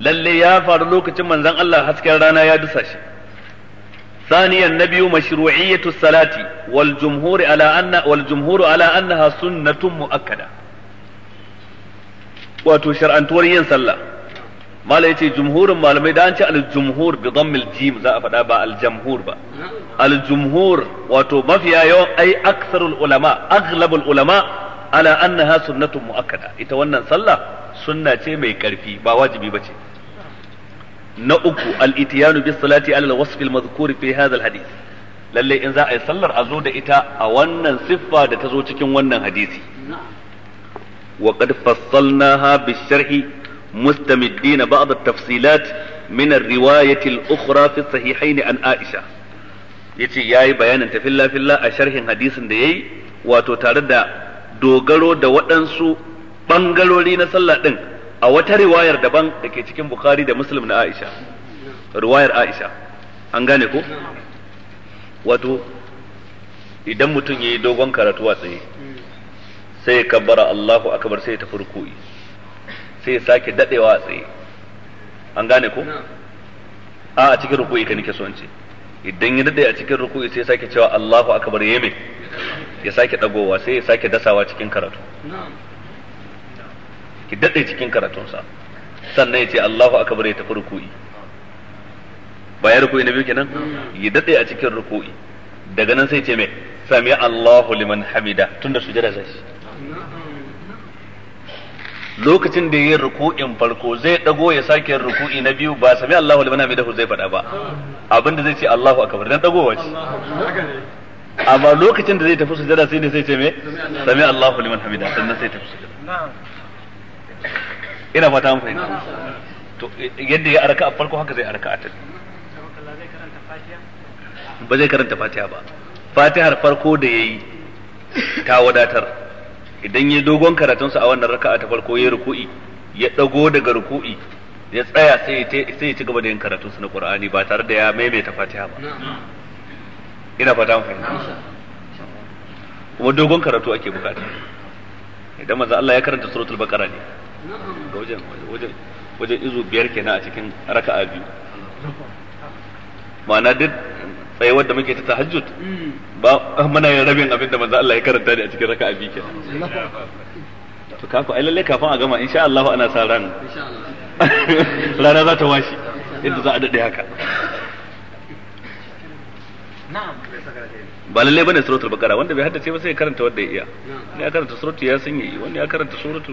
Speaker 1: lalle ya faru lokacin manzon Allah hasken rana ya dusa shi ثانيا النبي مشروعية الصلاة والجمهور على أن والجمهور على أنها سنة مؤكدة wato shar'antuwar sallah mala yace jumhurin malamai da an ce al-jumhur bi dhammil jim za a faɗa ba al ba al wato mafiya yawan ai aksarul ulama aghlabul ulama ala annaha sunnatun muakkada ita wannan sallah sunna ce mai karfi ba wajibi bace ce na uku al-itiyanu bis salati ala al-wasf al-madhkur fi hadha al-hadith lalle in za a yi sallar a zo da ita a wannan siffa da ta zo cikin wannan hadisi wa qad fassalnaha bis sharhi mustamiddin ba'd at-tafsilat min ar-riwayati al-ukhra fi sahihayn an Aisha yace yayi bayanin tafilla filla a sharhin hadisin da yayi wato tare da dogaro da waɗansu bangarori na sallah din a wata riwayar daban da ke cikin bukhari da muslim na aisha riwayar aisha an gane ko wato idan mutum ya yi dogon karatu a tsaye sai ya kabbara Allahu akabar sai ya tafi ruku'i sai ya sake dadewa a tsaye an gane ko a a cikin ruku'i ka nike so ce idan ya dade a cikin ruku'i sai ya sake cewa Allahu akbar yeme ya sake dagowa sai ya sake dasawa cikin karatu ki dade cikin karatunsa sannan ya ce Allahu akbar ya tafi ruku'i bayan ruku'i na biyu kenan ya dade a cikin ruku'i daga nan sai ce mai sami Allahu liman hamida tunda sujada zai lokacin da yayin ruku'in farko zai dago ya sake yin ruku'i na biyu ba sami Allahu liman hamidahu zai faɗa ba abinda zai ce Allahu akbar dan dagowa ce amma lokacin da zai tafi sujada sai ne sai ce me
Speaker 2: sami Allahu liman hamida sannan sai tafi sujada
Speaker 1: ina fata an fahimta to yadda ya araka a farko haka zai araka a ta ba zai karanta fatiha ba fatihar farko da yayi ta wadatar idan ya dogon karatun sa a wannan raka'a ta farko ya ruku'i ya dago daga ruku'i ya tsaya sai ya ci gaba da yin sa na Qur'ani ba tare da ya maimaita fatiha ba ina fata mu fahimta kuma dogon karatu ake bukata idan manzo Allah ya karanta suratul baqara ne wajen wajen wajen izu biyar kenan a cikin raka'a biyu ma'ana duk tsayawar da muke ta tahajjud ba muna yin rabin abin da manzo Allah ya karanta ne a cikin raka'a biyu kenan to kafa ai lalle kafin a gama insha Allah ana sa ran rana za ta washi inda za a dade haka ba lalle bane suratul bakara, wanda bai haddace ba sai ya karanta wanda ya iya ya karanta suratu ya sun yi wanda ya karanta suratu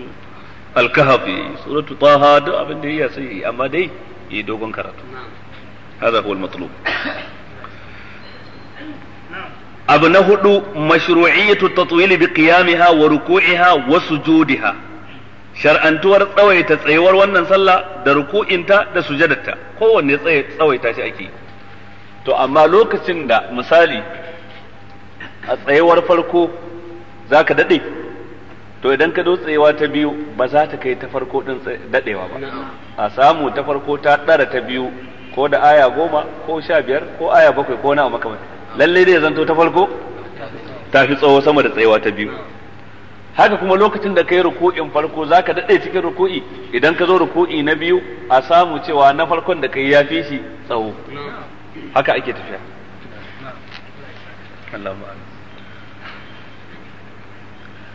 Speaker 1: al-kahf suratu taha duk abin da ya sai dogon karatu hada huwa al-matlub na hudu mashru'iyyatu tatwili bi qiyamiha wa ruku'iha wa sujudiha tsawaita tsayuwar wannan sallah da ruku'inta da ta, kowanne tsawaita shi ake to amma lokacin da misali a tsayuwar farko zaka daɗe? to idan ka zo tsayewa ta biyu ba za ta kai ta farko din dadewa ba a samu ta farko ta ɗara ta biyu ko da aya goma ko sha biyar ko aya bakwai ko na makamai lallai dai zanto ta farko ta fi tsawo sama da tsayewa ta biyu haka kuma lokacin da kai ruku'in farko zaka dade cikin ruku'i idan ka zo ruku'i na biyu a samu cewa na farkon da kai ya fi shi tsawo haka ake tafiya Allahumma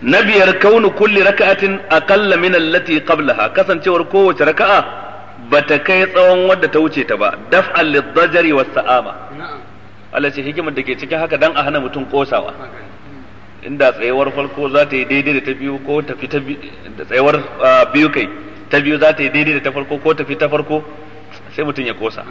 Speaker 1: na biyar kaunu kulli raka'atin aqalla min allati qablaha kasancewar kowace raka'a bata kai tsawon wadda ta wuce ta ba daf'al lidajari was sa'ama Allah ce hikimar da ke cikin haka dan a hana mutum kosawa hmm. inda tsayuwar farko za ta yi daidai da ta biyu ko ta fi ta da tsayuwar biyu kai ta biyu za ta yi daidai da ta farko ko ta fi ta farko sai mutum ya kosa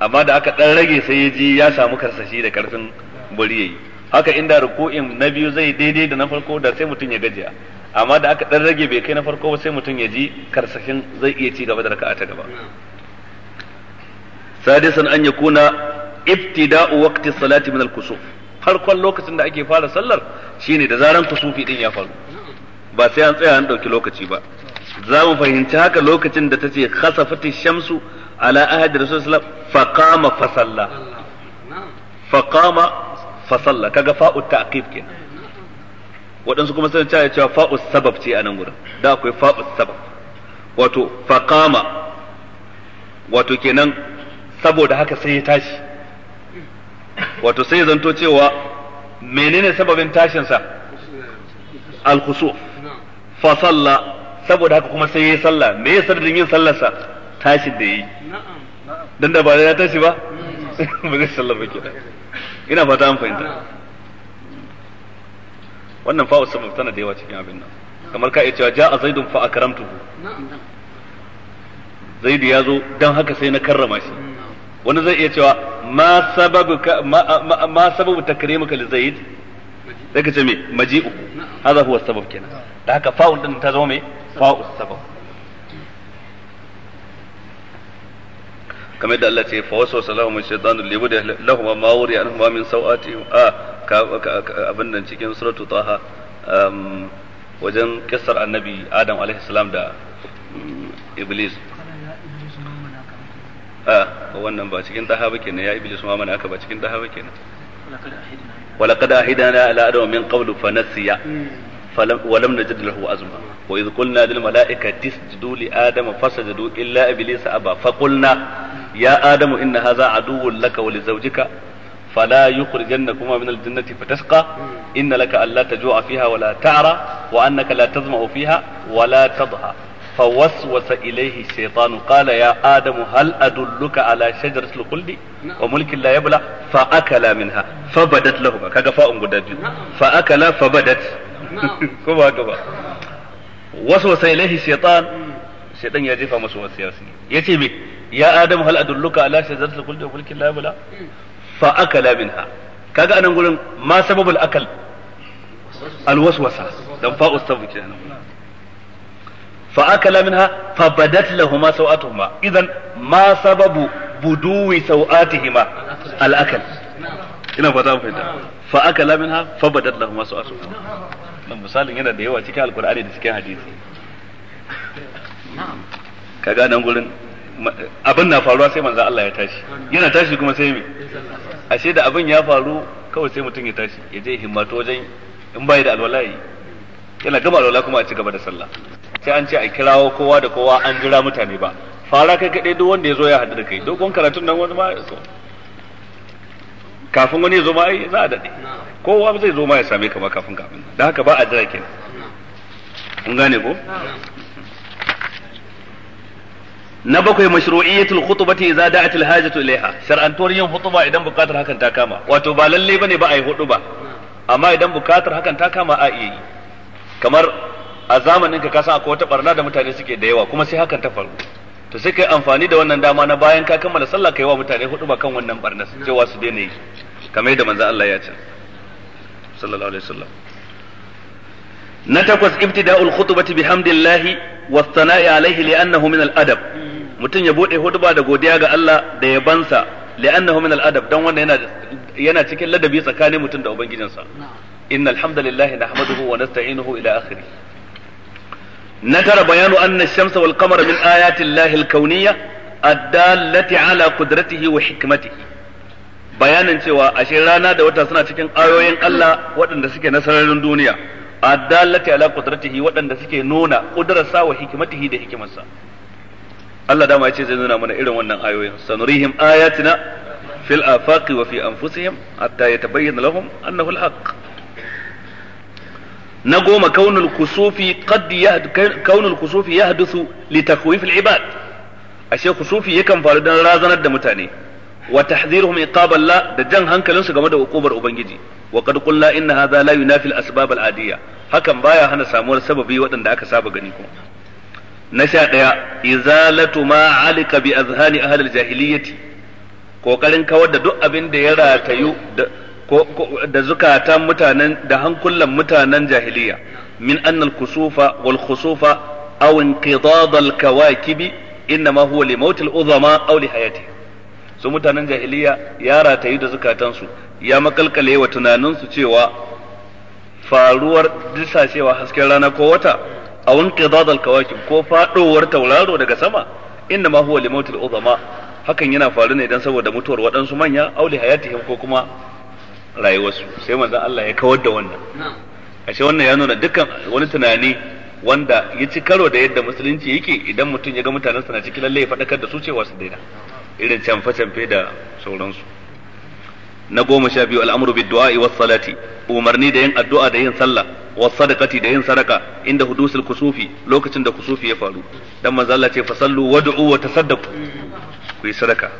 Speaker 1: amma da aka dan rage sai ya ji ya samu karsashi da karfin buri yayi haka inda ruku'in na biyu zai daidai da na farko da sai mutum ya gajiya amma da aka dan rage bai kai na farko ba sai mutum ya ji karsashin zai iya ci gaba da raka'a ta gaba sadisan an yakuna ibtida'u waqti salati min al-kusuf farkon lokacin da ake fara sallar shine da zaran kusufi din ya faru ba sai an tsaya an dauki lokaci ba za mu fahimci haka lokacin da tace khasafati shamsu ala ahadi rasulullah fa qama fa salla fa fa salla kaga fa'u ta'qib kenan waɗansu kuma sun cewa cewa fa'u sabab ce a nan gurin da akwai fa'u sabab wato fa qama wato kenan saboda haka sai ya tashi wato sai ya zanto cewa menene sababin tashinsa al-khusuf fa salla saboda haka kuma sai ya salla me ya da yin sallarsa tashin da yi dan da ba ya tashi ba ba zai sallar ba kenan ina fata an fahimta wannan fa'u sabab tana da yawa cikin abin nan kamar ka iya cewa ja'a zaidun fa akramtuhu zaidu ya zo dan haka sai na karrama shi mm, wani zai iya cewa ma sababu ma sababu takrimuka li zaid sai ka ce me maji'u hadha huwa sabab kenan da haka fa'un din ta zama me fa'u sabab kamar da Allah ce fa waswasa lahum ash-shaytanu li yubdi lahum ma wuri anhum min sawatihim ah, a abin nan cikin suratu taha um, wajen kissar annabi adam alaihi salam da um, iblis a ah, wannan ba cikin taha ba ne ya iblis ma mana aka ba cikin taha ba kenan ولقد أهدنا إلى آدم من قبل فنسي فلم ولم نجد له أزما wa iz qulna lil mala'ikati isjudu li adama fasajadu illa iblisa aba fa qulna ya adamu inna hadha aduwwun laka wa li zawjika فلا يخرجنكما من الجنة فتشقى إن لك ألا تجوع فيها ولا تعرى وأنك لا تظمأ فيها ولا تضحى فوسوس إليه الشيطان قال يا آدم هل أدلك على شجرة الخلد وملك لا يبلى فأكلا منها فبدت لهما كغفاء قداد فأكلا فبدت كما كما waswasa ilaihi shaytan shaytan ya jefa masa ya ce me ya adam hal adulluka ala shajaratil khuldi wa mulkin la yabla fa akala minha kaga anan gurin ma sababul akal alwaswasa dan fa ustafu kenan fa akala minha fa badat lahumu sawatuhuma idan ma sababu buduwi sawatihima al akal ina fata mun fahimta fa akala minha fa badat lahumu sawatuhuma misalin yana da yawa cikin alkur'ani da cikin hadisi kaga nan gurin abin na faruwa sai manzo Allah ya tashi yana tashi kuma sai me ashe da abin ya faru kawai sai mutum ya tashi ya je himmatu wajen in bai da alwala'i yana gama alwala kuma a ci gaba da sallah sai an ce a kirawo kowa da kowa an jira mutane ba fara kai kaɗai duk wanda ya zo ya haɗu da kai dogon karatun nan wani ma ya so kafin wani ya zo ma ai za a daɗe kowa zai zo ma ya same ka ma kafin kafin da haka ba a jira kenan kun gane ko na bakwai mashru'iyyatul khutbati idza da'at al hajatu ilaiha shar'antuwar yin khutba idan bukatar hakan ta kama wato ba lalle bane ba a yi hudu ba amma idan bukatar hakan ta kama a iya yi kamar a zamanin ka ka san akwai wata barna da mutane suke da yawa kuma sai hakan ta faru to sai kai amfani da wannan dama na bayan ka kammala sallah kai wa mutane hudu ba kan wannan barna cewa su daina yi kamar yadda manzo Allah ya ce sallallahu alaihi wasallam na takwas ibtida'ul khutbati bihamdillahi was sana'i alaihi li'annahu min al-adab mutum ya bude hutuba da godiya ga Allah da yabansa li'annahu min al-adab dan wanda yana yana cikin ladabi tsakanin mutum da ubangijinsa innal hamdalillahi nahmaduhu wa nasta'inuhu ila akhirih نكر بيان أن min والقمر من آيات الله addalati ala على wa وحكمته bayanin cewa ashe rana da wata suna cikin ayoyin Allah waɗanda suke na sararin duniya addallati ala qudratihi waɗanda suke nuna kudrarsa wa hikimatihi da hikimarsa Allah dama ya ce zai nuna mana irin wannan ayoyin sanurihim ayatina fil afaqi wa fi anfusihim hatta yatabayyana lahum annahu alhaq na goma kaunul kusufi qad kaunul kusufi yahdusu li takhwif al ibad ashe kusufi yakan faru dan razanar da mutane wa tahdhiruhum iqab Allah da jan hankalin su game da hukumar ubangiji wa qad qulna inna hadha la yunafi al asbab al adiyya hakan baya hana samuwar sababi waɗanda aka saba gani kuma na sha ɗaya izalatu ma alika bi azhani ahli al jahiliyyati kokarin kawar da duk abin da ya ratayu da da zukatan mutanen da hankulan mutanen jahiliya min annal kusufa wal khusufa aw inqidad al kawakibi inma huwa li mautil uzama aw li su mutanen jahiliya ya ratayi da zukatansu ya makalkale wa tunaninsu cewa faruwar disashewa hasken rana ko wata a wanke zadal kawakib ko fadowar tauraro daga sama Inda ma huwa limautil uzama hakan yana faru ne idan saboda mutuwar waɗansu manya auli hayatihim ko kuma rayuwarsu sai manzon Allah ya kawar da wannan ashe wannan ya nuna dukkan wani tunani wanda ya ci karo da yadda musulunci yake idan mutum ya ga mutanen na cikin lalle ya faɗakar da su cewa su daina irin camfe canfe da sauransu na goma sha biyu al'amuru bi du'a iwas salati umarni da yin addu'a da yin sallah wa sadaqati da yin sadaka inda hudusul kusufi lokacin da kusufi ya faru dan manzo Allah ce fasallu wad'u wa tasaddaqu ku yi sadaka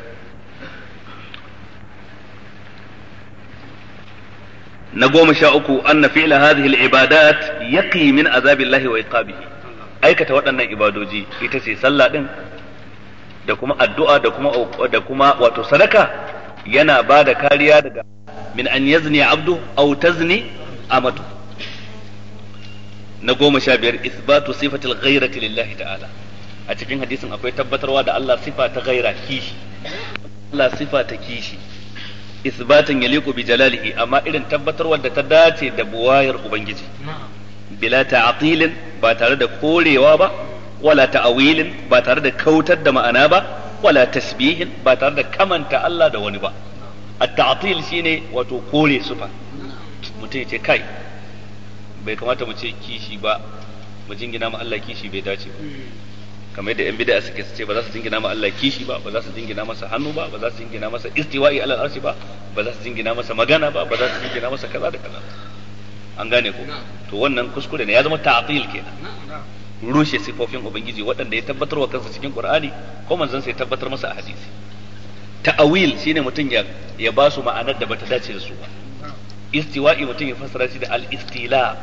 Speaker 1: na goma sha uku anna fi'la hadhihi al-ibadat yaqi min azabillahi wa iqabihi aikata waɗannan ibadoji ita ce sallah din da kuma addu'a da kuma wato sadaka yana ba da kariya daga min an yazni abdu aw tazni amatu na goma sha biyar isbatu sifatil ghairati lillahi ta'ala a cikin hadisin akwai tabbatarwa da Allah sifa ta ghaira kishi Allah sifa ta kishi isbatan yaliqu bi jalalihi amma irin tabbatarwa da ta dace da buwayar ubangiji bila ta'atilin ba tare da korewa ba wala ta'awilin ba tare da kautar da ma'ana ba wala tasbihin ba tare da kamanta Allah da wani ba at-ta'til shine wato kore sufa mutum ce kai bai kamata mu ce kishi ba mu jingina ma Allah kishi bai dace ba kamar da yan bid'a suke ce ba za su jingina ma Allah kishi ba ba za su jingina masa hannu ba ba za su jingina masa istiwa'i alal arshi ba ba za su jingina masa magana ba ba za su jingina masa kaza da kaza an gane ko to wannan kuskure ne ya zama ta'til kenan rushe sifofin ubangiji waɗanda ya tabbatar wa kansa cikin qur'ani ko manzon sai tabbatar masa a hadisi ta'awil shine mutum ya ya ba su ma'anar da bata dace da su ba istiwa'i mutum ya fassara shi da al-istila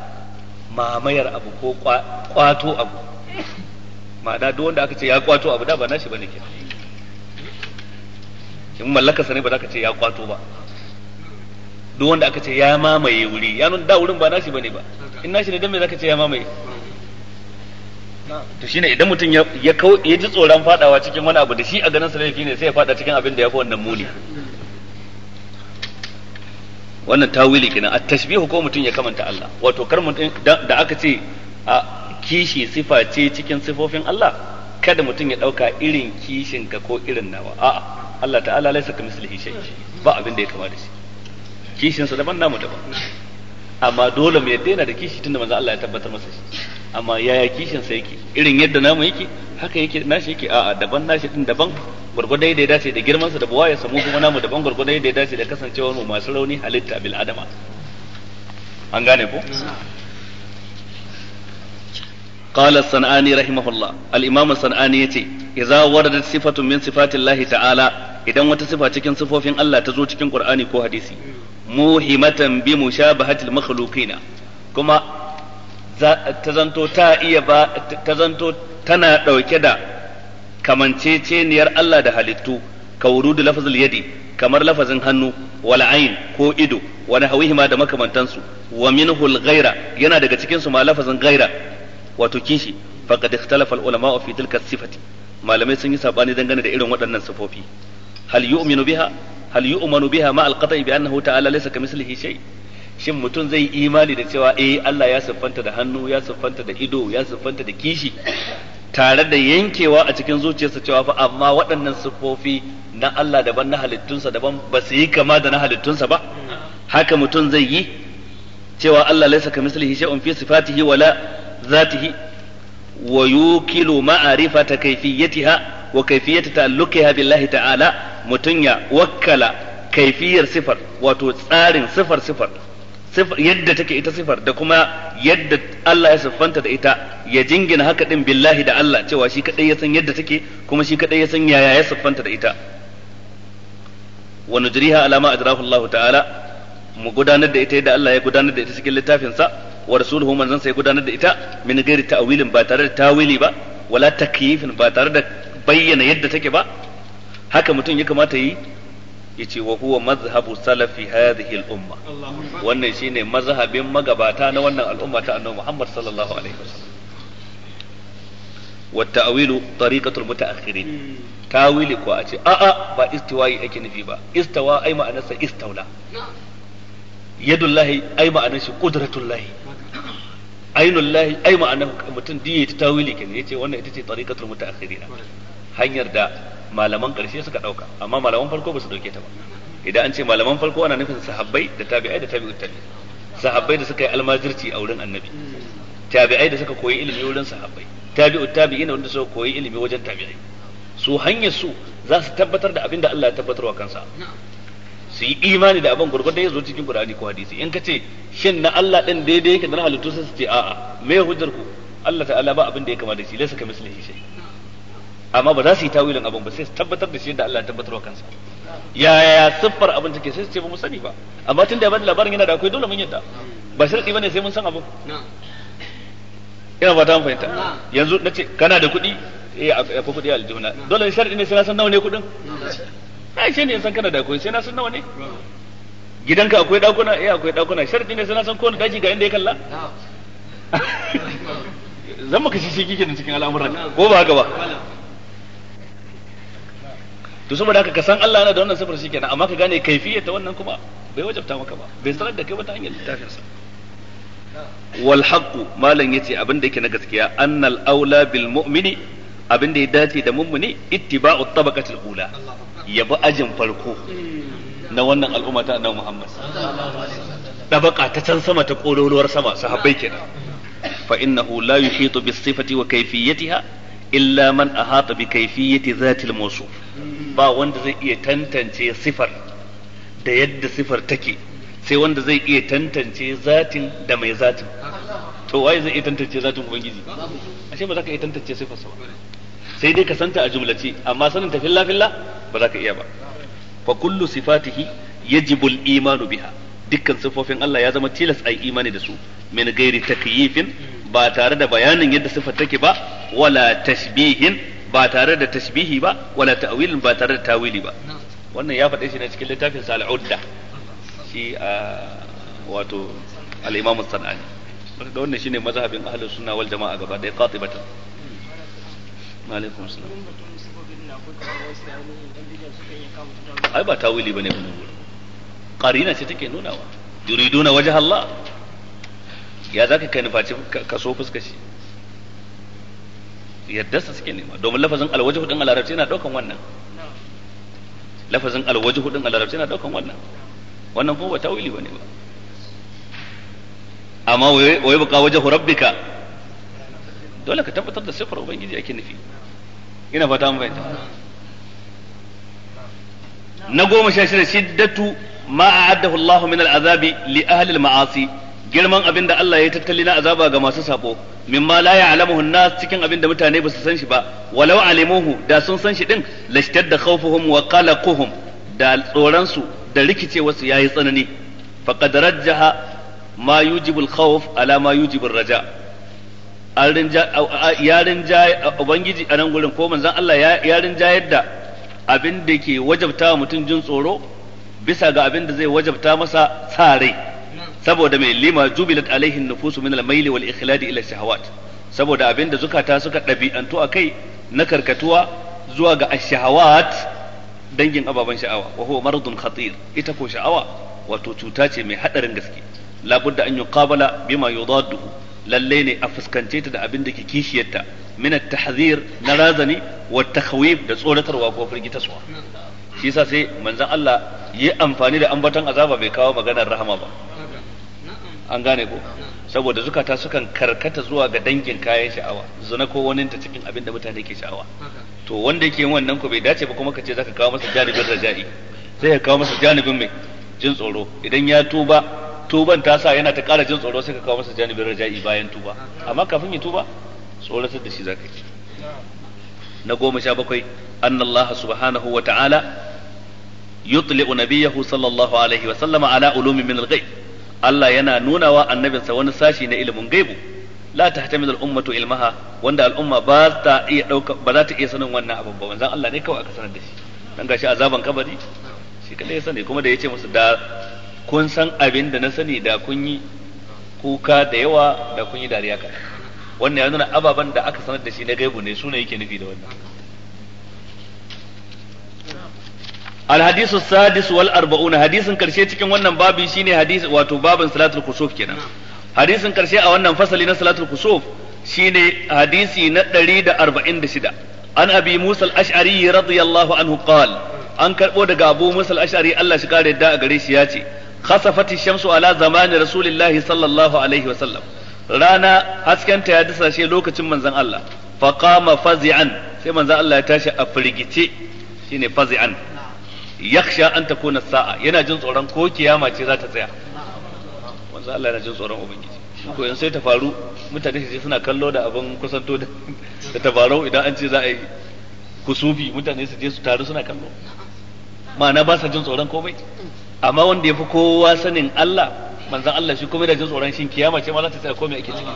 Speaker 1: mamayar abu ko kwato abu ma'ana duk wanda aka ce ya kwato abu da ba nashi bane ke in mallaka sa ne ba za ka ce ya kwato ba duk wanda aka ce ya mamaye wuri ya nuna da wurin ba nashi bane ba in nashi ne dan me ka ce ya mamaye to shine idan mutum ya ya ji tsoron fadawa cikin wani abu da shi a ganin sa laifi ne sai ya fada cikin abin da ya fi wannan muni wannan tawili kenan a tashbihu ko mutum ya kamanta Allah wato kar mutum da aka ce a kishi sifa ce cikin sifofin Allah kada mutum ya dauka irin kishin ka ko irin nawa a'a Allah ta'ala laisa mislihi shay ba abin da ya kama da shi kishin sa daban namu daban amma dole mu yadda yana da kishi tunda manzo Allah ya tabbatar masa shi amma yaya kishin sa yake irin yadda namu yake haka yake nashi yake a'a daban nashi din daban gurgurda yadda ya dace da girman sa da buwaya samu kuma namu daban gurgurda yadda ya dace da kasancewar mu masu rauni halitta bil adama an gane ko قال الصنعاني رحمه الله الإمام الصنعاني يتي إذا وردت صفة من صفات الله تعالى إذا sifa cikin sifofin Allah ta zo cikin Qur'ani ko hadisi muhimatan bi mushabahatil makhluqina kuma ta zanto ta iya ba ta zanto tana ɗauke da kamanceceniyar Allah da halittu ka wurudu lafazul yadi kamar lafazin hannu wal ain ko ido wani hawihima da makamantansu wa minhul ghaira yana daga cikin su ma lafazin ghaira wato kishi faqad ikhtalafa al ulama fi tilka sifati malamai sun yi sabani dangane da irin waɗannan sifofi hal yu'minu biha hal yu'manu biha ma al qata'i bi annahu ta'ala laysa kamithlihi shay' shin mutum zai yi imani da cewa eh Allah ya siffanta da hannu ya siffanta da ido ya siffanta da kishi tare da yankewa a cikin zuciyarsa cewa fa amma waɗannan siffofi na Allah daban na halittunsa daban ba su yi kama da na halittunsa ba haka mutum zai yi cewa Allah laisa kamislihi shay'un fi sifatihi wala zatihi wa yukilu ma'arifata kayfiyatiha wa kayfiyati ta'alluqiha billahi ta'ala mutum ya wakkala kaifiyar sifar wato tsarin sifar sifar yadda take ita sifar da kuma yadda Allah ya siffanta da ita ya jingina haka din billahi da Allah cewa shi kadai ya san yadda take kuma shi kadai ya san yaya ya siffanta da ita wa nujriha alama ajrahu Allah ta'ala mu gudanar da ita yadda Allah ya gudanar da ita cikin littafin sa wa rasuluhu manzon sa ya gudanar da ita min gairi ta'wilin ba tare da tawili ba wala takyifin ba tare da bayyana yadda take ba haka mutum ya kamata yi yace wa huwa mazhabu salafi hadhihi al-umma wannan shine mazhabin magabata na wannan al'umma ta annabi Muhammad sallallahu alaihi wasallam wa ta'wilu tariqatul mutaakhirin tawili ko a ce a a ba istiwa'i ake nufi ba istawa ai ma'anarsa istaula yadullahi ai ma'anar shi qudratullahi ainullahi ai ma'anar mutum diye ta tawili kenan yace wannan ita ce tariqatul mutaakhirin hanyar da malaman ƙarshe suka ɗauka amma malaman farko ba su ɗauke ta ba idan an ce malaman farko ana nufin sahabbai da tabi'ai da tabi'u tabi'i sahabbai da suka yi almajirci a wurin annabi tabi'ai da suka koyi ilimi wurin sahabbai tabi'i ne wanda suka koyi ilimi wajen tabi'ai su hanyar su za su tabbatar da abin da Allah ya tabbatar wa kansa su yi imani da abin gurgurdan ya zo cikin Qur'ani ko hadisi in ka ce shin na Allah din daidai yake da na halittu sai su ce a'a me hujjar ku Allah ta'ala ba abin da ya kama da shi laysa ka mislihi shay amma ba za su yi tawilin abin ba sai su tabbatar da shi da Allah tabbatar wa kansa ya siffar abin take sai su ce ba mu sani ba amma tun da ya bada labarin yana da akwai dole mun yadda ba ba bane sai mun san abin ina ba ta fahimta yanzu ce kana da kuɗi eh akwai kuɗi aljihuna dole ne sharɗi ne sai na san nawa ne kuɗin ai shi ne san kana da akwai sai na san nawa ne gidanka akwai dakuna eh akwai dakuna sharɗi ne sai na san kowane daki ga inda ya kalla zan maka shi shi kike cikin al'amuran ko ba haka ba to saboda haka ka san Allah yana da wannan sifar shikenan amma ka gane kaifiyar ta wannan kuma bai wajabta maka ba bai sanar da kai ba ta hanyar littafin sa wal haqu malan yace abin da yake na gaskiya annal aula bil mu'mini abin da ya dace da mummuni ittiba'u tabaqatil ula yabi ajin farko na wannan al'umma ta annabi Muhammad tabaka ta can sama ta kololuwar sama sahabbai kenan fa innahu la yuhitu bis sifati wa kayfiyatiha illa man ahata bi kayfiyati zatil mawsuf ba wanda zai iya tantance sifar da yadda sifar take sai wanda zai iya tantance zatin da mai zatin to waye zai iya tantance zatin ubangiji ashe ba za ka iya tantance sifar ba sai dai ka ta a jumlace amma sanin ta filla filla ba za ka iya ba fa kullu sifatihi yajibu imanu biha dukkan sifofin Allah ya zama tilas ai imani da su min gairi takyifin ba tare da bayanin yadda sifar take ba wala tashbihin ba tare da tashbihi ba wala ta'wilin ba tare da tawili ba wannan ya faɗe shi ne cikin littafin sa udda shi a wato al-imam as-sanani da wannan shine mazhabin ahlus sunna wal jama'a gaba da qatibatan alaikum assalam ai ba tawili bane kuma qarina ce take nunawa yuriduna wajha Allah ya za ka kai nufaci kaso fuska shi yadda su suke nema domin lafazin alwajhu din alarabci yana daukan wannan lafazin alwajhu din alarabci yana daukan wannan wannan kuma ba tawili bane ba amma wai buka wajhu rabbika dole ka tabbatar da sifar ubangiji ake nufi ina fata mun fahimta na goma sha shida shiddatu ma a'addahu Allahu min azabi li ahli al-ma'asi girman abin da Allah ya tattali na azaba ga masu sabo mimma la ya'lamuhu an-nas cikin abin da mutane ba su san shi ba walau alimuhu da sun san shi din lashtadda khawfuhum wa qalaquhum da tsoran su da rikice wasu yayi tsanani faqad rajjaha ma yujibu al-khawf ala ma yujibu ar-raja ya rinja ubangiji a nan gurin ko manzon Allah ya rinja yadda abin da ke wajabtawa mutum jin tsoro bisa ga abin da zai wajabta masa tsare saboda mai lima jubilat alaihin nufusu min al-maili wal ikhladi ila shahawat saboda abin da zukata suka ɗabi'antu a kai na karkatuwa zuwa ga ashahawat dangin ababen sha'awa wa huwa maradun khatir ita ko sha'awa wato cuta ce mai hadarin gaske labudda an yuqabala bima yudadduhu lalle ne a fuskance ta da abin da ke kishiyarta min at-tahzir na razani wa takhwif da tsoratarwa ko firgitaswa shi yasa sai manzon Allah yi amfani da ambaton azaba bai kawo maganar rahama ba an gane ko saboda zukata sukan karkata zuwa ga dangin kayan sha'awa zina ko wani ta cikin abin da mutane ke sha'awa to wanda yake yin wannan ku bai dace ba kuma kace zaka kawo masa janibin raja'i sai ka kawo masa janibin mai jin tsoro idan ya tuba tuban ta sa yana ta ƙara jin tsoro sai ka kawo masa janibin raja'i bayan tuba amma kafin ya tuba tsoratar da shi zaka yi na goma sha bakwai annallaha subhanahu wa ta'ala yutli'u nabiyahu sallallahu alaihi wa sallama ala ulumi min al-ghaib Allah yana nunawa annabinsa wani sashi na ilimin gaibu la tahtamilu al-ummatu ilmaha wanda al'umma ba ta iya dauka ba za ta iya sanin wannan abin ba wanzan Allah ne kawai aka sanar da shi dan gashi azaban kabari shi kada ya sani kuma da yace musu da kun san abin da na sani da kun yi kuka da yawa da kun yi dariya kaɗan wannan ya nuna ababen da aka sanar da shi na gaibu ne sune yake nufi da wannan الحديث السادس والأربعون حديث كرشي cikin wannan babi shine hadisi wato babin salatu kusuf kenan hadisin karshe a wannan fasali na salatul kusuf shine hadisi na 146 an abi musa a ashari radiyallahu anhu qala an karbo daga abu musa al-ash'ari Allah shi kare da a gare shi ya ce khasafati shamsu ala zamani rasulillahi sallallahu alaihi wa sallam rana hasken ta ya dasashe lokacin manzon Allah faqama fazi'an sai manzan Allah ya tashi a firgice shine fazi'an yaksha an ta kona sa'a yana jin tsoron ko kiyama ce za ta tsaya wanzu Allah yana jin tsoron ubangiji ko yan sai ta faru mutane su suna kallo da abin kusanto da tabarau idan an ce za a yi kusufi mutane su je su taru suna kallo ma'ana ba sa jin tsoron komai amma wanda ya fi kowa sanin Allah manzan Allah shi kuma da jin tsoron shin kiyama ce ma za ta tsaya komai ake ciki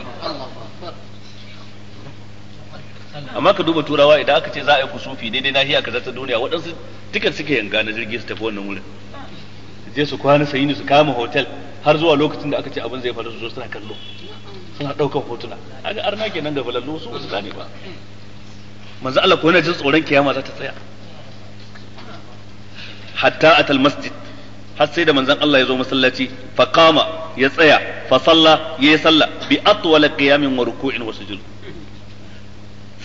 Speaker 1: amma ka duba turawa idan aka ce za a yi kusufi daidai nahiya kaza ta duniya waɗansu tikar suke yanga na jirgi su tafi wannan wurin je su kwana sayi ne su kama hotel har zuwa lokacin da aka ce abin zai faru su zo suna kallo suna ɗaukan hotuna a ga arna nan da balallo su su gane ba manzo Allah ko yana jin tsoron kiyama za ta tsaya hatta atal masjid har sai da manzon Allah ya zo masallaci fa kama ya tsaya fa salla yayi salla bi atwala qiyamin wa ruku'in wa sujud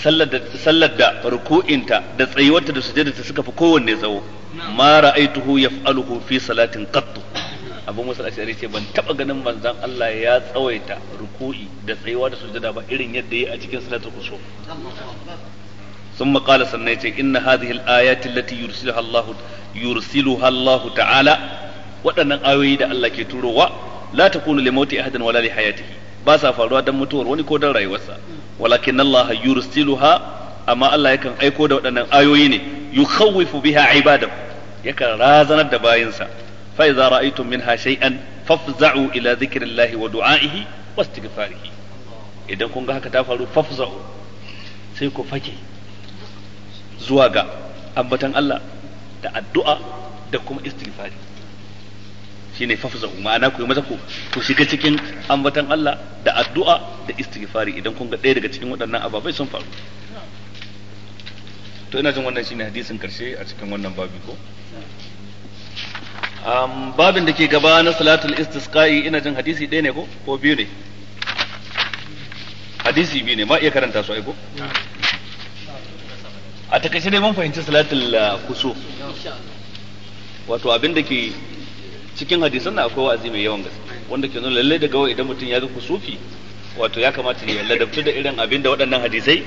Speaker 1: sallar da ruku'inta da tsayuwarta da sujadarta suka fi kowanne tsawo ma ra'aituhu yaf'aluhu fi salatin qattu abu musul ashari ce ban taba ganin manzon Allah ya tsawaita ruku'i da tsayuwa da sujada ba irin yadda yi a cikin salatul qala sannan قال inna hadhihi al الآيات allati يرسلها الله يرسلها الله ta'ala waɗannan ayoyi da Allah ke turowa la takunu li mauti ahadin wala li hayatihi ba sa faruwa dan mutuwar wani ko dan rayuwarsa walakin Allah yursiluha amma Allah yakan aiko da waɗannan ayoyi ne yukhawifu biha ibadahu yakan razanar da bayinsa fa idza ra'aytum minha shay'an fafza'u ila dhikrillahi wa du'a'ihi wastighfarihi idan kun ga haka ta faru fafza'u sai ku fake zuwa ga ambatan Allah da addu'a da kuma istighfari shine fafzahu ma'ana ku yi maza ku ku shiga cikin ambatan Allah da addu'a da istighfari idan kun ga ɗaya daga cikin waɗannan ababai sun faru to ina jin wannan shine hadisin karshe a cikin wannan babi ko um, babin da ke gaba na salatul istisqa'i ina jin hadisi ɗaya ne ko ko biyu ne hadisi biyu ne ma iya karanta su ai ko a takaice ne mun fahimci salatul ah, kusu wato abin da ke cikin hadisan na akwai wa'azi mai yawan gaske wanda ke nuna lalle da gawa idan mutum ya ga kusufi wato ya kamata ya ladabtu da irin abin da waɗannan hadisai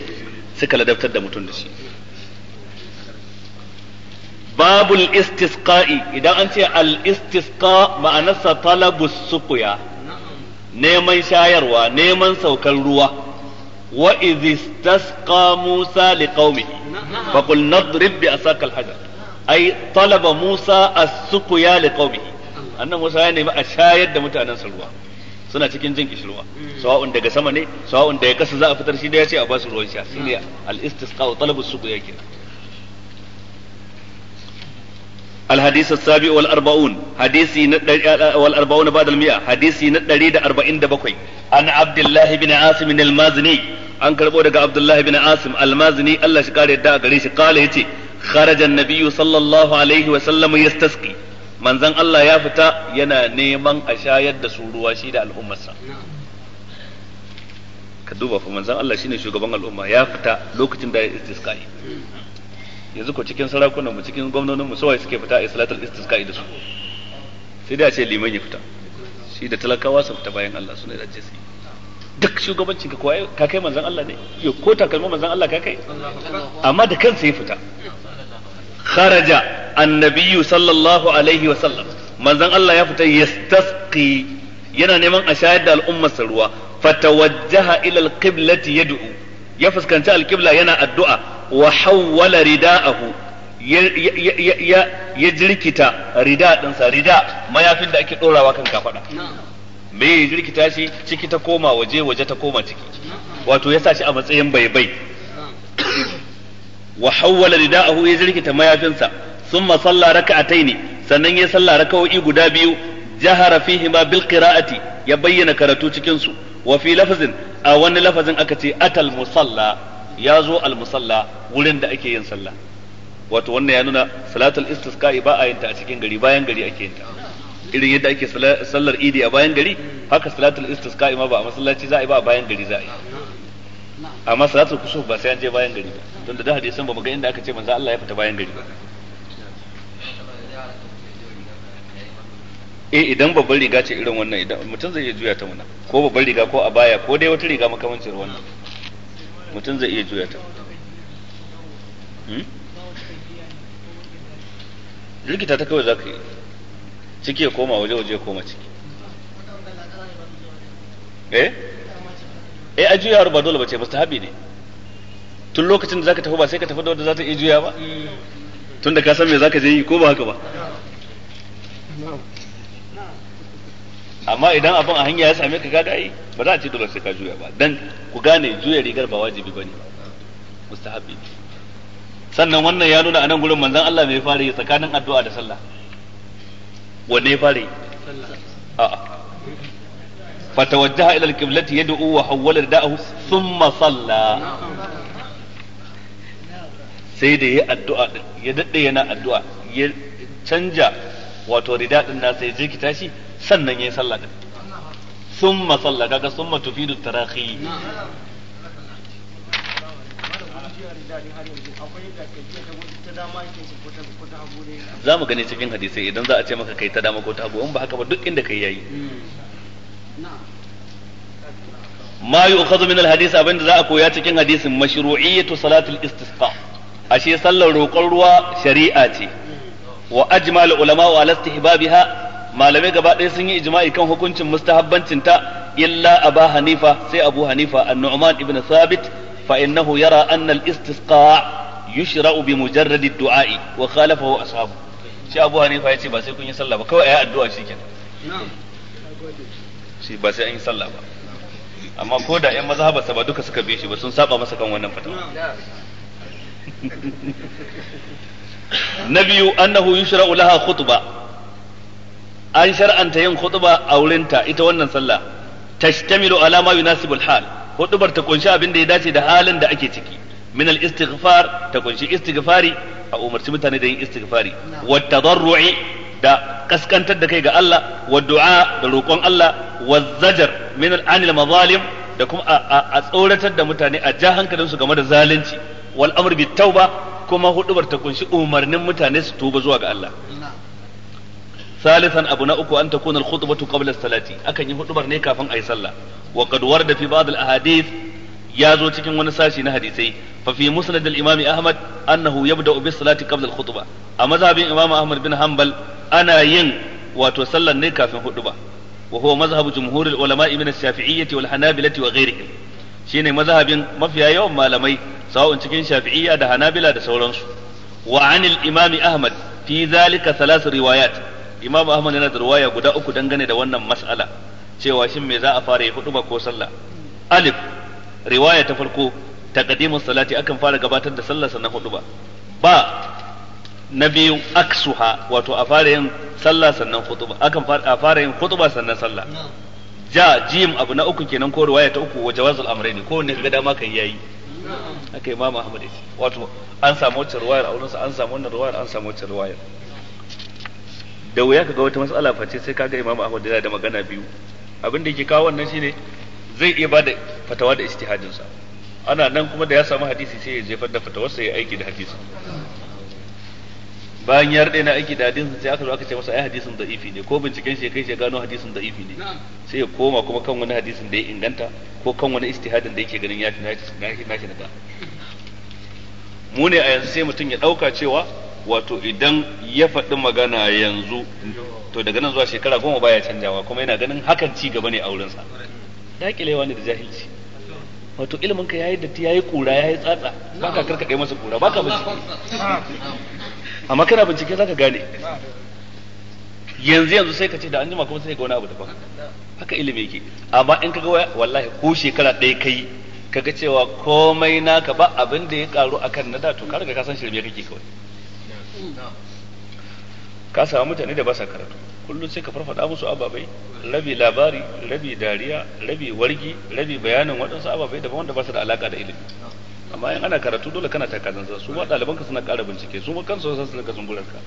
Speaker 1: suka ladabtar da mutum da shi babul istisqa'i idan an ce al istisqa ma'anarsa talabus suqya neman shayarwa neman saukar ruwa wa istasqa Musa liqaumihi fa qul nadrib bi asakal hajar ay talaba Musa as-suqya liqaumihi annan Musa ya nemi a shayar da mutanen salwa suna cikin jin kishirwa sawa'un daga sama ne sawa'un daga kasa za a fitar shi da ya ce a basu ruwan sha shine al-istisqa wa talabus hadisi na الحديث السابع والأربعون حديثي والأربعون بعد المئة حديثي نتريد أربعين دبقوي عن عبد الله بن عاصم المازني عن كربو عبد الله بن عاصم المازني الله شكاري دا قال يتي خرج النبي صلى الله عليه وسلم يستسقي Manzan Allah ya fita yana neman a shayar da su ruwa shi da al'ummarsa ka duba fa manzan Allah shine shugaban al'umma ya fita lokacin da ya istisqa yanzu ko cikin sarakunan mu cikin gwamnonin mu sawai suke fita a salatul istisqa da su sai dai a ce liman ya fita shi da talakawa su fita bayan Allah ne da jesi duk shugabancin ka kai manzan Allah ne ko takalma manzan Allah ka kai amma da kansa ya fita kharaja annabiyyu sallallahu alaihi wa sallam manzon Allah ya fita yastasqi yana neman a shayar da al'ummar sa ruwa tawajjaha ila alqiblati yad'u ya fuskanci alqibla yana addu'a wa hawwala rida'ahu ya jirkita rida sa rida mayafin da ake dorawa kan kafaɗa me ya jirkita shi ciki ta koma waje waje ta koma ciki wato ya sa shi a matsayin baibai wa hawwala rida'ahu ya jirkita mayafinsa sun salla raka'ataini sannan ya salla raka'o'i guda biyu jihar fihima bil qira'ati ya bayyana karatu cikin su lafazin a wani lafazin aka ce atal musalla ya zo al musalla wurin da ake yin sallah wato wannan ya nuna salatul istisqa'i ba a yin ta a cikin gari bayan gari ake yin ta irin yadda sallar idi a bayan gari haka salatul istisqa'i ma ba a masallaci za a ba a bayan gari amma salatul kusuf ba sai an je bayan gari ba don da san ba mu ga inda aka ce manzo Allah ya fita bayan gari ba eh idan babban riga ce irin wannan idan mutum zai iya juya ta muna ko babban riga ko abaya ko dai wata riga makamancin wannan mutum zai iya juya ta hmm? likita ta kawai za ka yi ciki ya koma waje waje ya koma ciki eh eh a juya ba dole bace mustahabi ne tun lokacin da zaka tafi ba sai ka tafi da wanda za ta iya juya ba tun da ka san me zaka je yi ko ba haka ba amma idan abin a hanya ya same ka gaga yi ba za a ce dole sai ka juya ba dan ku gane juya rigar ba wajibi bane mustahabi sannan wannan ya nuna anan gurin manzon Allah mai fare tsakanin addu'a da sallah wanne ya fare a'a فتوجه الى القبلة يدعو وحول رداءه ثم صلى sai da ya addu'a din ya daɗe yana addu'a ya canja wato rida din nasa ثم shi sannan ya sallah za mu gani cikin hadisai idan za a ce maka kai ta dama ko ta abu in ba haka ba duk inda kai yayi mayu yu'khadhu min al-hadith abinda za koya cikin hadisin mashru'iyyatu salatul istisqa ashe sallar roƙon ruwa shari'a ce wa ulama wa ala istihbabiha malamai gaba ɗaya sun yi ijma'i kan hukuncin mustahabbancin ta illa aba hanifa sai abu hanifa an-nu'man ibn sabit fa innahu yara anna al-istisqa yushra'u bi mujarrad ad-du'a'i wa khalafahu ashabu shi abu hanifa yace ba sai kun yi sallah kawai ayi addu'a shikenan na'am shi ba sai an yi sallah ba amma ko da ƴan mazhabarsa ba duka suka bi shi ba sun saba masa kan wannan fatawa na biyu annahu yushra'u laha khutba an shar'anta yin khutba a wurinta ita wannan sallah tashtamilu ala ma yunasibul hal khutbar ta kunshi abin da ya dace da halin da ake ciki min al istighfar ta kunshi istighfari a umarci mutane da yin istighfari wa tadarru'i da kaskantar da kai ga Allah wa du'a da roƙon Allah wa zajar min al-anil mazalim da kuma a tsoratar da mutane a ja hankalin su game da zalunci wal amr bit tauba kuma hudubar ta kunshi umarnin mutane su tuba zuwa ga Allah ثالثا ابو نأكو ان تكون الخطبه قبل الصلاه اكن huɗubar ne kafin yi sallah wa qad warada fi ba'd ya zo cikin wani sashi na hadisai fa fi musnad al-imam ahmad annahu yabda'u bis salati qabla al-khutbah a mazhabin imam ahmad bin hanbal ana yin wato sallar ne kafin hutuba wa huwa mazhab jumhur al-ulama min ash-shafi'iyyah wal hanabilah wa ghayrihim shine mazhabin mafiya yawan malamai sawa'un cikin shafi'iyya da hanabila da sauransu wa imami imam ahmad fi zalika thalath riwayat imam ahmad yana da riwaya guda uku dangane da wannan mas'ala cewa shin me za a fara yi hutuba ko sallah alif riwaya ta farko taqdimus salati akan fara gabatar da sallar sannan hudu ba ba na biyu aksuha wato a fara yin sallah sannan khutba akan a fara yin khutba sannan sallah ja jim abu na uku kenan ko riwaya ta uku wa jawazul amrayn ko ne ga dama kai yayi akai imam ahmad yace wato an samu wacce riwayar a wurinsa an samu wannan riwayar an samu wacce riwayar da wuya kaga wata matsala face sai kaga imam ahmad yana da magana biyu abin da yake kawo wannan shine zai iya bada fatawa da istihadinsa. ana nan kuma da ya samu hadisi sai ya jefar da fatawar sai ya aiki da hadisi bayan ya rade na aiki da hadisin sai aka zo aka ce masa ai hadisin da'ifi ne ko binciken shi kai shi gano hadisin da'ifi ne sai ya koma kuma kan wani hadisin da ya inganta ko kan wani istihadin da yake ganin ya fi na shi na mu ne a yanzu sai mutum ya dauka cewa wato idan ya faɗi magana yanzu to daga nan zuwa shekara goma baya canjawa kuma yana ganin hakan ci gaba ne a wurinsa kile ne da jahilci wato ilimin ka yayi datti yayi kura yayi tsatsa baka karkade masa kura baka bincike amma kana bincike zaka gane yanzu yanzu sai ka ce da an jima kuma sai ga wani abu daban haka ilimi yake amma in kaga wallahi ko shekara ɗaya kai kaga cewa komai naka ba abin da ya karu akan na da to ka riga ka san shirme kake kawai ka samu mutane da ba sa karatu kullum sai ka farfada musu ababai rabi labari rabi dariya rabi wargi rabi bayanin waɗansu ababai daban wanda ba su da alaka da ilimi amma in ana karatu dole kana taka zanzan su ma ɗaliban ka suna ƙara bincike su ma kansu sun suna zungular ka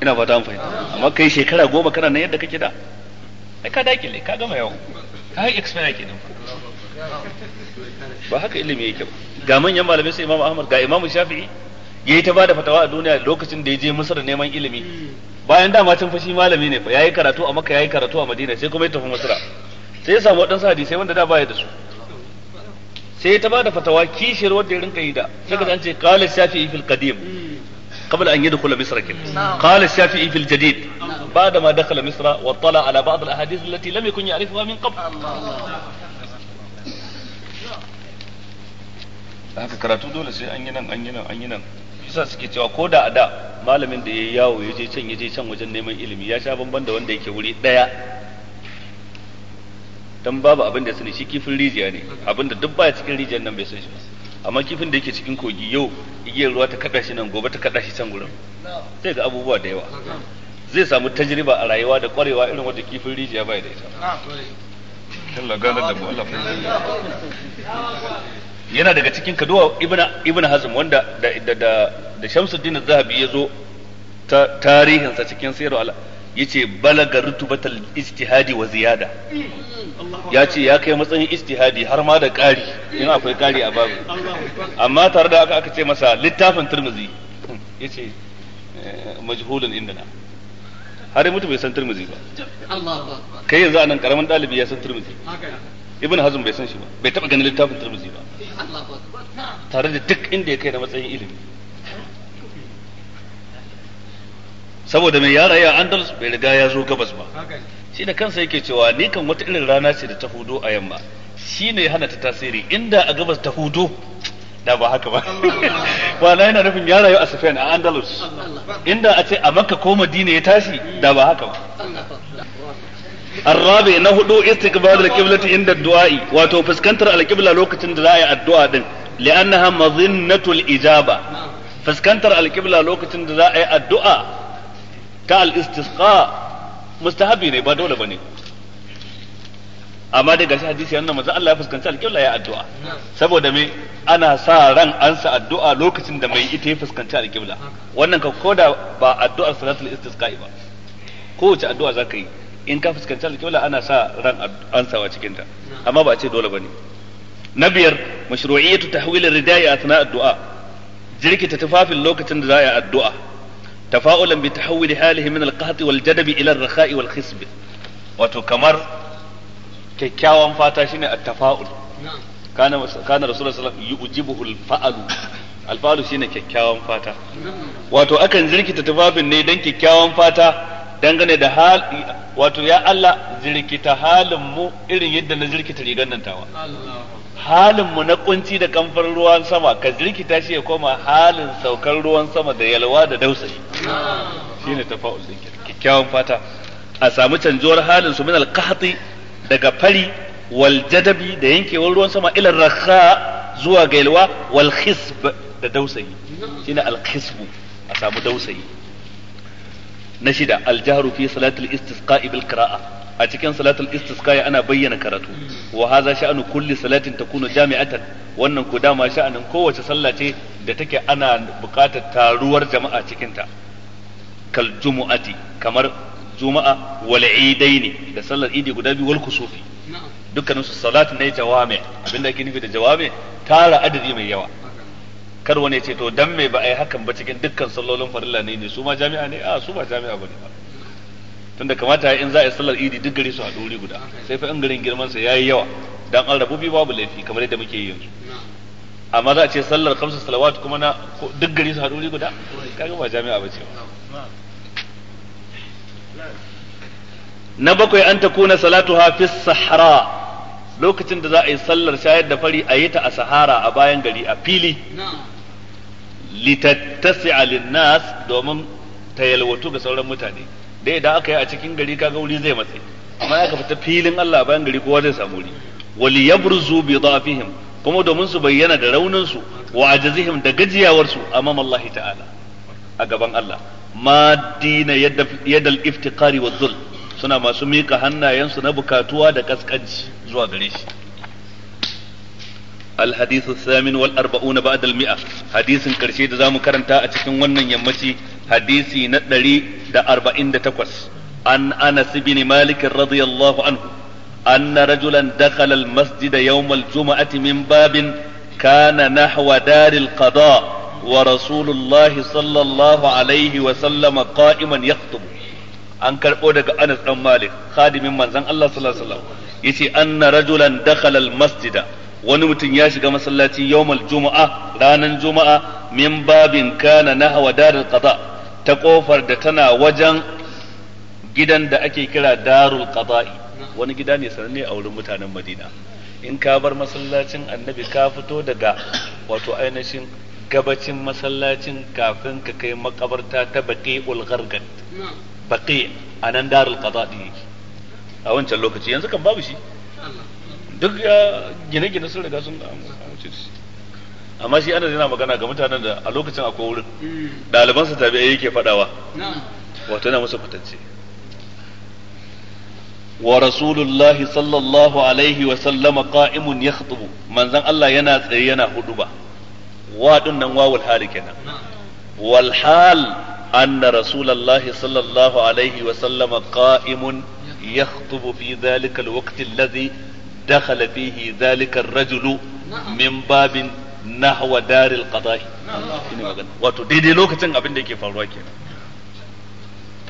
Speaker 1: ina fata an fahimta amma kai shekara goma kana nan yadda kake da ai ka dakile ka gama yawa ka yi experience kenan ba haka ilimi yake ba ga manyan malamai sai imamu ahmad ga imamu shafi'i yayi ta bada fatawa a duniya lokacin da ya je Masar neman ilimi bayan dama can fashi malami ne ya yi karatu a Makka yi karatu a Madina sai kuma ya tafi Masra sai ya samu wadansu hadisai wanda da baya da su sai ta bada fatawa kishiyar wanda ya rinka yi da sai ka ce qala shafi'i fil qadim قبل أن يدخل مصر كده قال الشافعي في الجديد بعدما دخل مصر واطلع على بعض الأحاديث التي لم يكن يعرفها من قبل haka karatu dole sai an yi nan an yi nan an yi nan yasa suke cewa ko da a da malamin da ya yi yawo ya je can ya je can wajen neman ilimi ya sha bamban da wanda yake wuri daya dan babu abin da sani shi kifin rijiya ne abin da duk baya cikin rijiyar nan bai san shi amma kifin da yake cikin kogi yau igiyar ruwa ta kada shi nan gobe ta kada shi can gurin sai ga abubuwa da yawa zai samu tajriba a rayuwa da kwarewa irin wanda kifin rijiya bai da ita Allah gane da mu Allah yana daga cikin kaduwa ibn ibn hazm wanda da da da, da shamsuddin zahabi ya zo ta tarihin sa cikin sayar ala yace balaga rutubatal ijtihadi wa ziyada ya ce ya kai matsayin ijtihadi har ma da ƙari in akwai ƙari a babu amma tare da aka aka ce masa littafin turmizi yace eh, majhulun indana har mutu bai san turmizi ba kai yanzu anan karamin dalibi ya san turmizi ibn hazm bai san shi ba bai taba ganin littafin turmizi ba tare da duk inda ya kai da matsayin ilimi saboda mai ya rayu a andalus bai riga ya zo gabas ba shi da kansa yake cewa ni kan wata irin rana ce da ta hudo a yamma shi ne hana ta tasiri inda a gabas ta hudo da ba haka ba wala yana nufin ya rayu a safiyan a Andalus inda a ce a Makka ko Madina ya tashi da ba haka ba الرابع نهدو استقبال القبلة عند الدعاء واتو فسكنتر القبلة لوكة دعاء الدعاء دن لأنها مظنة الإجابة فسكنتر القبلة لوكة دعاء الدعاء كالاستسقاء مستحبي ne ba dole bane amma daga shi hadisi annabi manzo Allah ya fuskanci alƙibla ya addu'a saboda me ana sa ran ansa addu'a lokacin da mai ita ya fuskanci alƙibla wannan ka koda ba addu'ar salatul istisqa'i ba kowace addu'a zaka yi in ka fuskanci alƙibla ana sa ran ansawa cikin ta amma ba a ce dole bane na biyar mashru'iyyatu tahwil ridai athna addu'a jirkita tufafin lokacin da za a yi addu'a تفاؤلا بتحول حاله من القهط والجدب الى الرخاء والخصب wato kamar kyakkyawan fata shine at-tafa'ul kana kana rasulullahi sallallahu alaihi wasallam yujibuhu al-fa'lu al-fa'lu shine kyakkyawan fata wato akan jirkita tufafin ne dan kyakkyawan fata dangane da hal wato ya Allah zirkita halin mu irin yadda na zirkita rigar nan tawa halin mu na kunci da kamfar ruwan sama ka zirkita shi ya koma halin saukar ruwan sama da yalwa da dausayi shine tafa'ul din kikkiawan fata a samu canjuwar halin su min alqahti daga fari wal jadabi da yankewar ruwan sama ila rakha zuwa ga yalwa wal khisb da dausayi shine al khisb a samu dausayi na shida aljahar fi salatul istisqa bil qira'a a cikin salatul istisqa ana bayyana karatu wa hadha sha'anu kulli salatin takunu jami'atan wannan ko dama sha'anin kowace sallah ce da take ana buƙatar taruwar jama'a cikin ta kal jumu'ati kamar juma'a wal idaini da sallar idi guda biyu wal kusufi dukkanin su salatu ne jawami abinda ake nufi da jawami tara adadi mai yawa kar wani ce to dan me ba a yi hakan ba cikin dukkan sallolin farilla ne ne su ma jami'a ne a su ba jami'a bane ba tunda kamata in za a yi sallar idi duk gari su haɗu wuri guda sai fa in garin girman sa yayi yawa dan an rabu biyu babu laifi kamar yadda muke yi yanzu amma za a ce sallar kamsa salawat kuma na duk gari su haɗu wuri guda kaga ba jami'a ba ce ba na bakwai an takuna Salatu fi sahara lokacin da za a yi sallar shayar da fari a yi ta a sahara a bayan gari a fili litattasi'a linnas domin ta yalwatu ga sauran mutane dai idan aka yi a cikin gari kaga wuri zai matse amma aka fita filin Allah bayan gari kowa zai samu wuri wali yabruzu bi dhafihim kuma domin su bayyana da raunin su wa ajazihim da gajiyawar su amma Allah ta'ala a gaban Allah ma dina yadal iftiqari wa dhul suna masu mika hannayensu na bukatuwa da kaskanci zuwa gare shi الحديث الثامن والأربعون بعد المئة حديث كرشي دا زامو كرنتا أتكن ونن يمشي حديثي ندري دا أربعين دا تقوس عن أنس بن مالك رضي الله عنه أن رجلا دخل المسجد يوم الجمعة من باب كان نحو دار القضاء ورسول الله صلى الله عليه وسلم قائما يخطب an karɓo daga Anas ɗan Malik khadimin manzon Allah sallallahu alaihi wasallam yace anna rajulan dakhala al-masjida wani mutum ya shiga masallaci yawmal juma'a ranar juma'a min babin kana hawa darul qada ta kofar da tana wajen gidan da ake kira darul qada'i wani gida ne sananne a wurin mutanen Madina in ka bar masallacin annabi ka fito daga wato ainihin gabacin masallacin kafin ka kai makabarta ta baqi'ul ghargat baqi anan darul qada'i a wancan lokaci yanzu kan babu shi duk gine-gine sun riga sun amince shi amma shi ana yana magana ga mutanen da a lokacin akwai wurin hmm. ɗalibansa tabi'ai yake faɗawa wato yana musu kwatance wa rasulullahi sallallahu alaihi wa sallama qa'imun yakhutubu manzon Allah yana tsaye yana huduba wa din nan wawul hali kenan wal hal anna rasulullahi sallallahu alaihi wa sallama qa'imun yakhutubu fi dhalika al-waqt alladhi dakhala fihi zalika ar-rajulu min babin nahwa daril qada'i shine wato daidai lokacin abin da yake faruwa kenan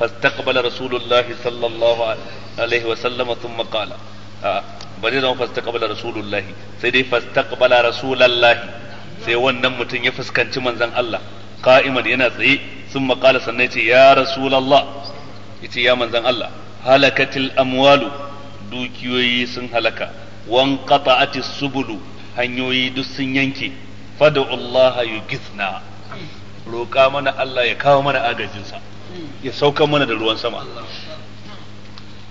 Speaker 1: fastaqbala rasulullah sallallahu alaihi wa sallam thumma qala ba zai zama fastaqbala rasulullah sai dai fastaqbala rasulullah sai wannan mutum ya fuskanci manzon Allah qa'iman yana tsaye thumma qala sannan yace ya rasulullah yace ya manzon Allah halakatil amwalu dukiyoyi sun halaka wan as-subulu hanyoyi duk sun yanke fad'u Allah yughithna roƙa mana Allah ya kawo mana agajinsa ya sauka mana da ruwan sama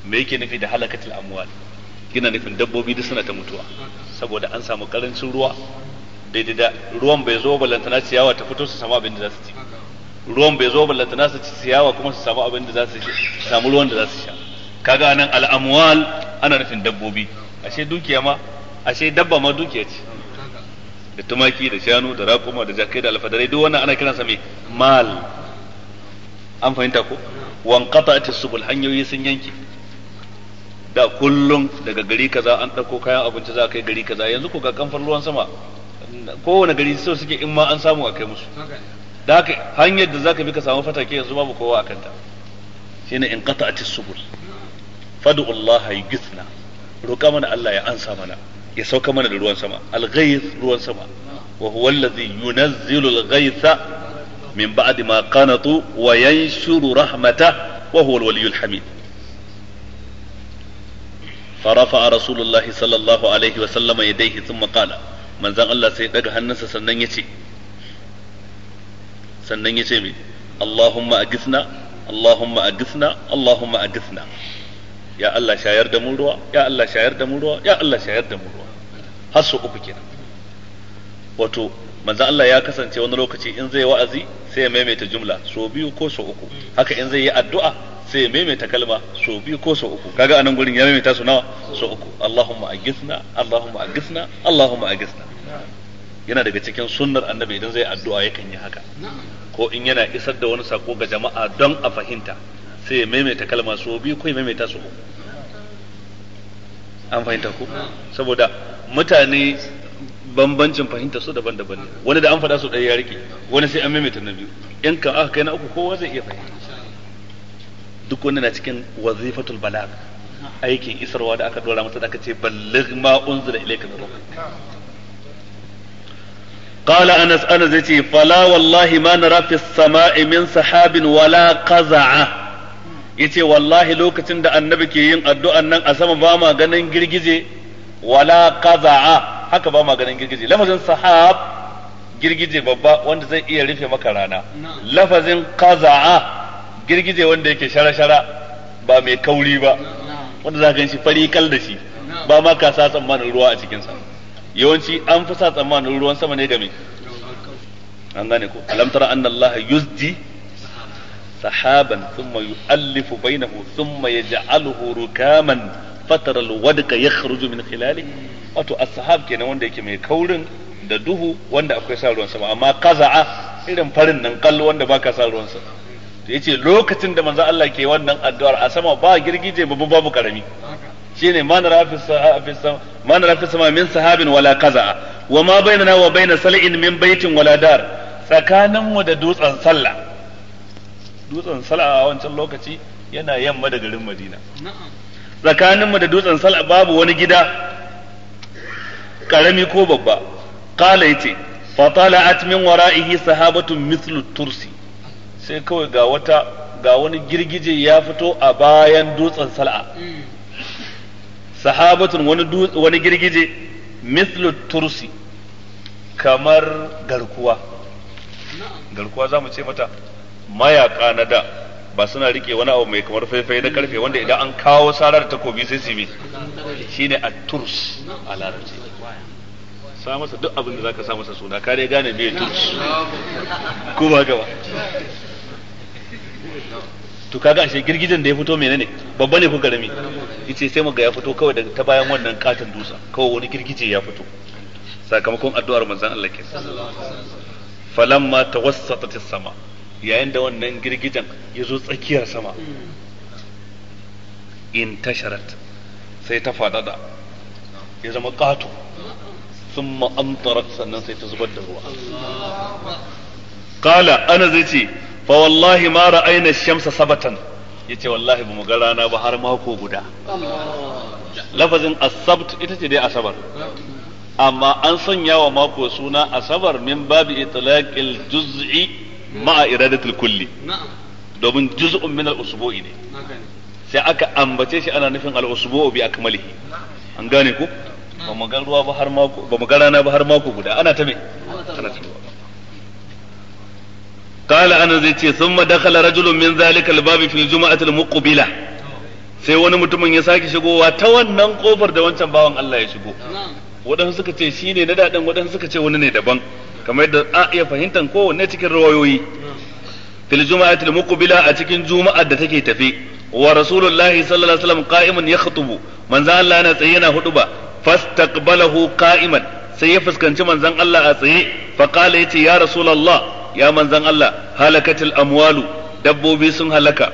Speaker 1: me yake nufi da halakatul amwal kina nufin dabbobi duk suna ta mutuwa saboda an samu karancin ruwa daidai da ruwan bai zo ballantana ciyawa ta fito su samu abin da za su ci ruwan bai zo ballantana su ci ciyawa kuma su samu abin da za su ci, samu ruwan da za su sha kaga nan al'amuwal ana nufin dabbobi ashe dukiya ma ashe dabba ma dukiya ce da tumaki da shanu da raƙuma da jakai da alfadarai duk wannan ana kiransa mai mal an fahimta ko Wan wanqata subul hanyoyi sun yanke da kullum daga gari kaza an ɗauko kayan abinci za a kai gari kaza yanzu ko ga kamfan ruwan sama kowane gari so suke in ma an samu a kai musu da haka hanyar da za ka bi ka samu fatake yanzu babu kowa a kanta shine in qata subul fad'u Allah yughithna roƙa mana Allah ya ansa mana ya sauka mana da ruwan sama al-ghayth ruwan sama wa huwa alladhi yunazzilu al-ghaytha min ba'di ma qanatu wa yanshuru rahmatah wa huwa al-waliyyul hamid فرفع رسول الله صلى الله عليه وسلم يديه ثم قال من زان الله سي دغ hannunsa sannan yace sannan yace me Allahumma aghithna Allahumma aghithna Allahumma aghithna ya Allah shayar da mu ruwa ya Allah shayar da mu ruwa ya Allah shayar da mu ruwa har su uku kenan wato manzo Allah ya kasance wani lokaci in zai wa'azi sai ya maimaita jumla so biyu ko so uku haka in zai yi addu'a sai ya maimaita kalma so biyu ko so uku kaga anan gurin ya maimaita su nawa so uku Allahumma agisna Allahumma agisna Allahumma agisna yana daga cikin sunnar annabi idan zai addu'a yakan yi haka ko in yana isar da wani sako ga jama'a don a fahimta sai ya maimaita kalma su biyu ko ya maimaita su uku an fahimta ku saboda mutane bambancin fahimta su daban-daban ne wani da an faɗa su ɗaya ya rike wani sai an maimaita na biyu in kan aka kai na uku kowa zai iya fahimta duk wani na cikin wazifatul balag aikin isarwa da aka dora masa da aka ce balligh ma unzila ilayka min rabbik قال أنس أنس فلا والله ما نرى في السماء من سحاب ولا قزعه yace wallahi lokacin da annabi ke yin addu'an nan a sama ba ma ganin girgije wala qaza'a haka ba ma ganin girgije lafazin sahab girgije babba wanda zai iya rufe maka rana lafazin qaza'a girgije wanda yake shara-shara ba mai kauri ba wanda za ka shi fari kal da shi ba ma ka sa tsammanin ruwa a cikin sa yawanci an fi sa tsammanin ruwan sama ne ga mai an gane ko alam tara anna allaha yuzdi sahaban thumma yu'allifu bainahu thumma yaj'aluhu fataral fatara alwadqa yakhruju min khilali wato as kenan wanda yake mai kaurin da duhu wanda akwai sa ruwan sama amma qaza'a irin farin nan kallo wanda baka sa ruwan sama to yace lokacin da manzo Allah ke wannan addu'ar a sama ba girgije babu babu karami shine man rafis sahafis sama man rafis sama min sahabin wala qaza'a wa ma bainana wa bain sal'in min baitin wala dar tsakaninmu da dutsen sallah dutsen sal'a a wancan lokaci yana yamma da garin madina mu da dutsen sal'a babu wani gida karami ko babba kala ce fatala atmin min wara'ihi sahabatun mislu tursi sai kawai ga wata ga wani girgije ya fito a bayan dutsen sal'a mm. sahabatun wani wani girgije mislu tursi kamar garkuwa garkuwa za mu ce mata mayaka na da ba suna rike wani abu mai kamar faifai na karfe wanda idan an kawo sarar takobi sai su bi ne a turs a larabci sa masa duk abin da zaka sa masa suna ka dai gane me turs ko ba gaba to kaga ashe girgijen da ya fito menene babba ne ko karami yace sai mu ga ya fito kawai daga ta bayan wannan katin dusa kawai wani girgije ya fito sakamakon addu'ar manzon Allah ke falamma tawassatat as-sama yayin da wannan girgijen ya zo tsakiyar sama in tasharat sai ta fadada ya zama ƙato sun ma'amtarar sannan sai ta zubar da ruwa kala ana zai ce fa wallahi ma ra'ayna shamsa sabatan yace wallahi bamu ga rana ba har mako guda lafazin asabt ita ce dai asabar amma an sanya wa mako suna asabar min babi itlaqil juz'i ma'a iradatul kulli domin juz'un min al-usbu'i ne sai aka ambace shi ana nufin al-usbu'u bi akmalihi an gane ku ba mu ga ruwa ba har mako ba mu ga rana ba har mako guda ana ta me ana ta قال انا زي ce ثم دخل رجل من ذلك الباب في الجمعه المقبله sai wani mutumin ya sake shigowa ta wannan kofar da wancan bawan Allah ya shigo waɗansu suka ce shi ne na daɗin waɗansu suka ce wani ne daban kamar yadda a iya fahimtar kowanne cikin rawayoyi fil juma'atil muqbila a cikin juma'ar da take tafe wa rasulullahi sallallahu alaihi wasallam qa'iman yakhutubu manzon Allah yana tsaye yana hutuba fastaqbalahu qa'iman sai ya fuskanci manzon Allah a tsaye fa qala yace ya rasulullah ya manzon Allah halakatil amwalu dabbobi sun halaka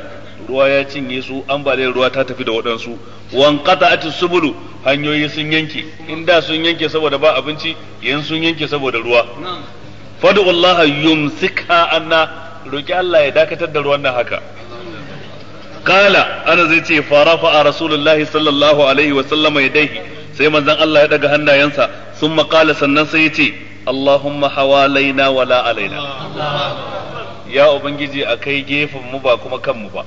Speaker 1: ruwa ya cinye su ambaliyar ruwa ta tafi da waɗansu wan qata'atis subulu hanyoyi sun yanke inda sun yanke saboda ba abinci yan sun yanke saboda ruwa fadu Allah yumsika anna roki Allah ya dakatar da ruwan nan haka kala ana zai ce farafa a rasulullahi sallallahu alaihi wa sallama yadaihi sai manzon Allah ya daga hannayensa sun qala sannan sai ya ce Allahumma hawalaina wala alaina ya ubangiji a kai gefen mu ba kuma kanmu ba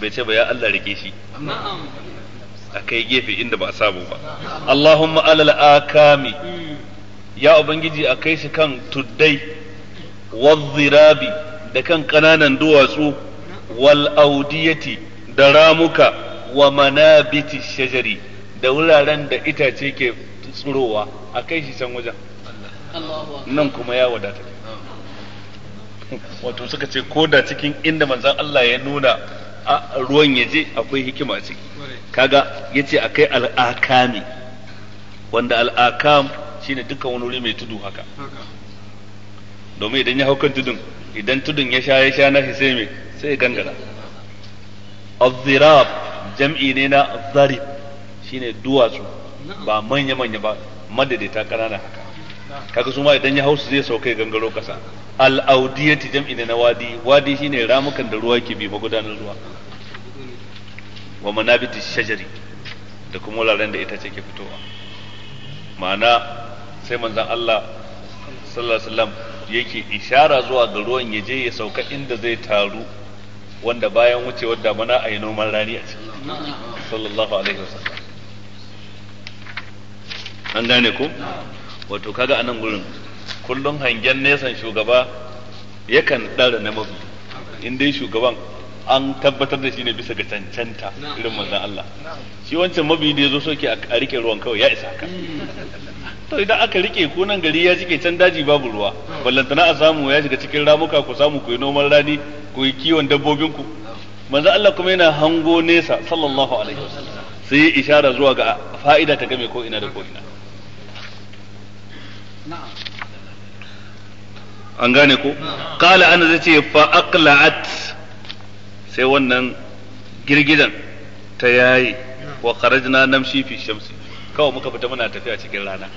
Speaker 1: bai ce ba ya Allah rike shi a kai gefe inda ba a samu ba Allahumma alal akami ya ubangiji a kai shi kan tuddai wazzirabi da kan ƙananan duwatsu wal audiyati da ramuka wa manabiti shajari da wuraren da itace ke tsurowa a kai shi can wajen nan kuma ya wadata wato suka ce ko da cikin inda manzan Allah ya nuna ruwan ya je akwai hikima ciki kaga ya ce akai al'akami wanda al'akam shine dukkan wani wuri mai tudu haka domin idan ya hau tudun idan tudun ya sha ya sha na sai sai gangara azzirab jam'i ne na zarib shine duwatsu ba manya manya ba madadita ƙanana haka kaga su ma idan ya hausu zai sauka ya gangaro kasa al audiyati jam'i na wadi wadi shine ramukan da ruwa ke bi magudanar ruwa wa manabiti shajari da kuma wuraren da ita ce ke fitowa ma'ana sai manzon Allah sallallahu alaihi wasallam yake ishara zuwa ga ruwan ya je ya sauka inda zai taru wanda bayan wucewar damana a yi noman rani a
Speaker 2: ciki
Speaker 1: sallallahu alaihi wasallam an gane ko wato kaga anan gurin kullum hangen nesan shugaba yakan ɗara na mafi in dai shugaban an tabbatar da shi ne bisa ga cancanta irin manzan Allah shi wancan mabi da ya zo soke a rike ruwan kawai ya isa ka, to idan aka rike kunan gari ya cike can daji babu ruwa ballantana a samu ya shiga cikin ramuka ku samu ku yi noman rani ku yi kiwon dabbobin ku manzan Allah kuma yana hango nesa sallallahu alaihi wasallam sai ishara zuwa ga fa'ida ta game ko ina da ko ina an gane ko kala ana zai ce fa sai wannan girgidan ta yayi wa kharajna namshi fi shamsi kawai muka fita muna tafiya cikin rana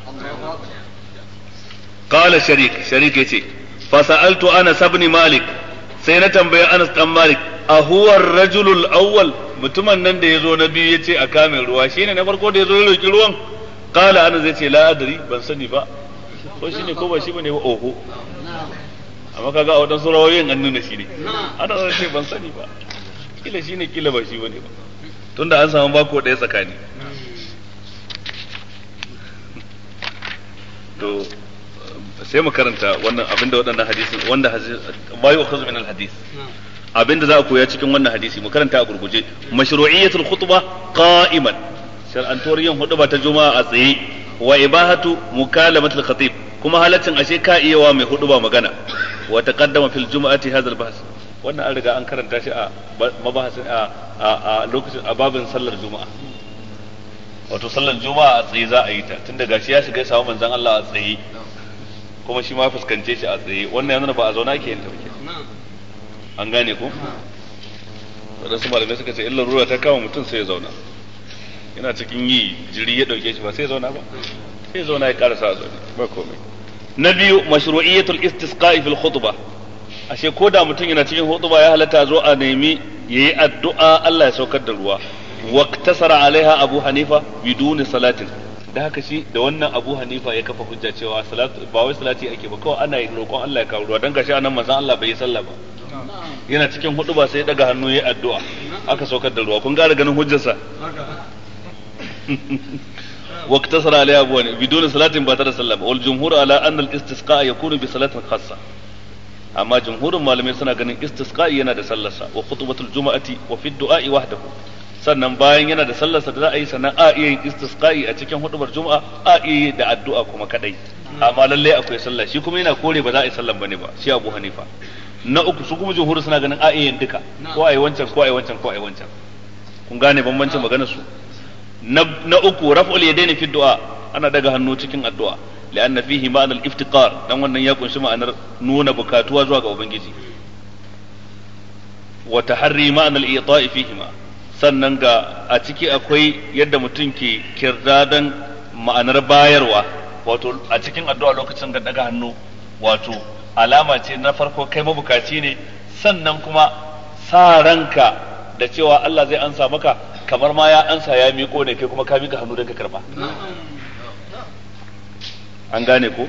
Speaker 1: kala sharik sharik yace fa sa'altu ana sabni malik sai na tambaye Anas dan Malik a huwar rajulul awwal mutumin nan da ya zo na biyu ya ce a kamin ruwa shine na farko da yazo ya roki ruwan qala Anas zai la adri ban sani ba shi shine ko ba shi ne ba oho amma kaga a wadansu rawayoyin an nuna shi ne ana zai ce ban sani ba kila shi ne kila ba shi ne ba tunda an samu bako ɗaya tsakani to sai mu karanta wannan abinda waɗannan hadisin wanda bayu akhaz min alhadis abinda za a koya cikin wannan hadisi mu karanta a gurguje mashru'iyatul khutbah qa'iman shar'antuwar yin hudu ta juma'a a tsaye wa ibahatu mukalamatul khatib kuma halaccin ashe ka iya wa mai hudu ba magana wa taqaddama fil jumu'ati hadha al bahs wannan an riga an karanta shi a mabahasin a lokacin a babin sallar juma'a wato sallar juma'a a tsaye za a yi ta tunda gashi ya shiga ya manzon Allah a tsaye kuma shi ma fuskance shi a tsaye wannan yana ba a zauna ke yin ta an gane ko wadansu malamai suka ce illar ruwa ta kama mutum sai ya zauna yana cikin yi jiri ya dauke shi ba sai zauna ba sai zauna ya karasa a zaune ba komai na biyu mashru'iyatul istisqa'i fil khutba ashe ko da mutum yana cikin khutba ya halatta zo a nemi yayi addu'a Allah ya saukar da ruwa waqtasara alaiha abu hanifa biduni salatin da haka shi da wannan abu hanifa ya kafa hujja cewa salatu ba wai salati ake ba kawai ana roƙon Allah ya kawo ruwa dan gashi anan manzon Allah bai yi sallah ba yana cikin hudu ba sai ya daga hannu yayi addu'a aka saukar da ruwa kun ga ganin hujjarsa واقتصر عليها بدون صلاة بعد السلام والجمهور على أن الاستسقاء يكون بصلاة خاصة أما جمهور لم سنة أن الاستسقاء ينادى سلسة وخطبة الجمعة وفي الدعاء وحده sannan bayan yana da sallarsa da za a yi sannan a iya yin istisqa'i a cikin hudubar juma'a a iya yi da addu'a kuma kadai amma lalle akwai sallah shi kuma yana kore ba za a yi sallan bane ba shi Abu Hanifa na uku su kuma jumhur suna ganin a iya yin duka ko ayi wancan ko ayi wancan ko ayi wancan kun gane bambancin maganar su na uku raf'ul yadaini fi du'a ana daga hannu cikin addu'a li'anna fihi ma'anar iftiqar dan wannan ya kunshi ma'anar nuna bukatuwa zuwa ga ubangiji wa taharri ma'anar i'ta'i fihi ma sannan ga a ciki akwai yadda mutum ke kirdadan ma'anar bayarwa wato a cikin addu'a lokacin da daga hannu wato alama ce na farko kai mabukaci ne sannan kuma sa ranka da cewa Allah zai ansa maka kamar ma ya ansa ya miko ne kai kuma ka mika hannu don ka karba an gane ko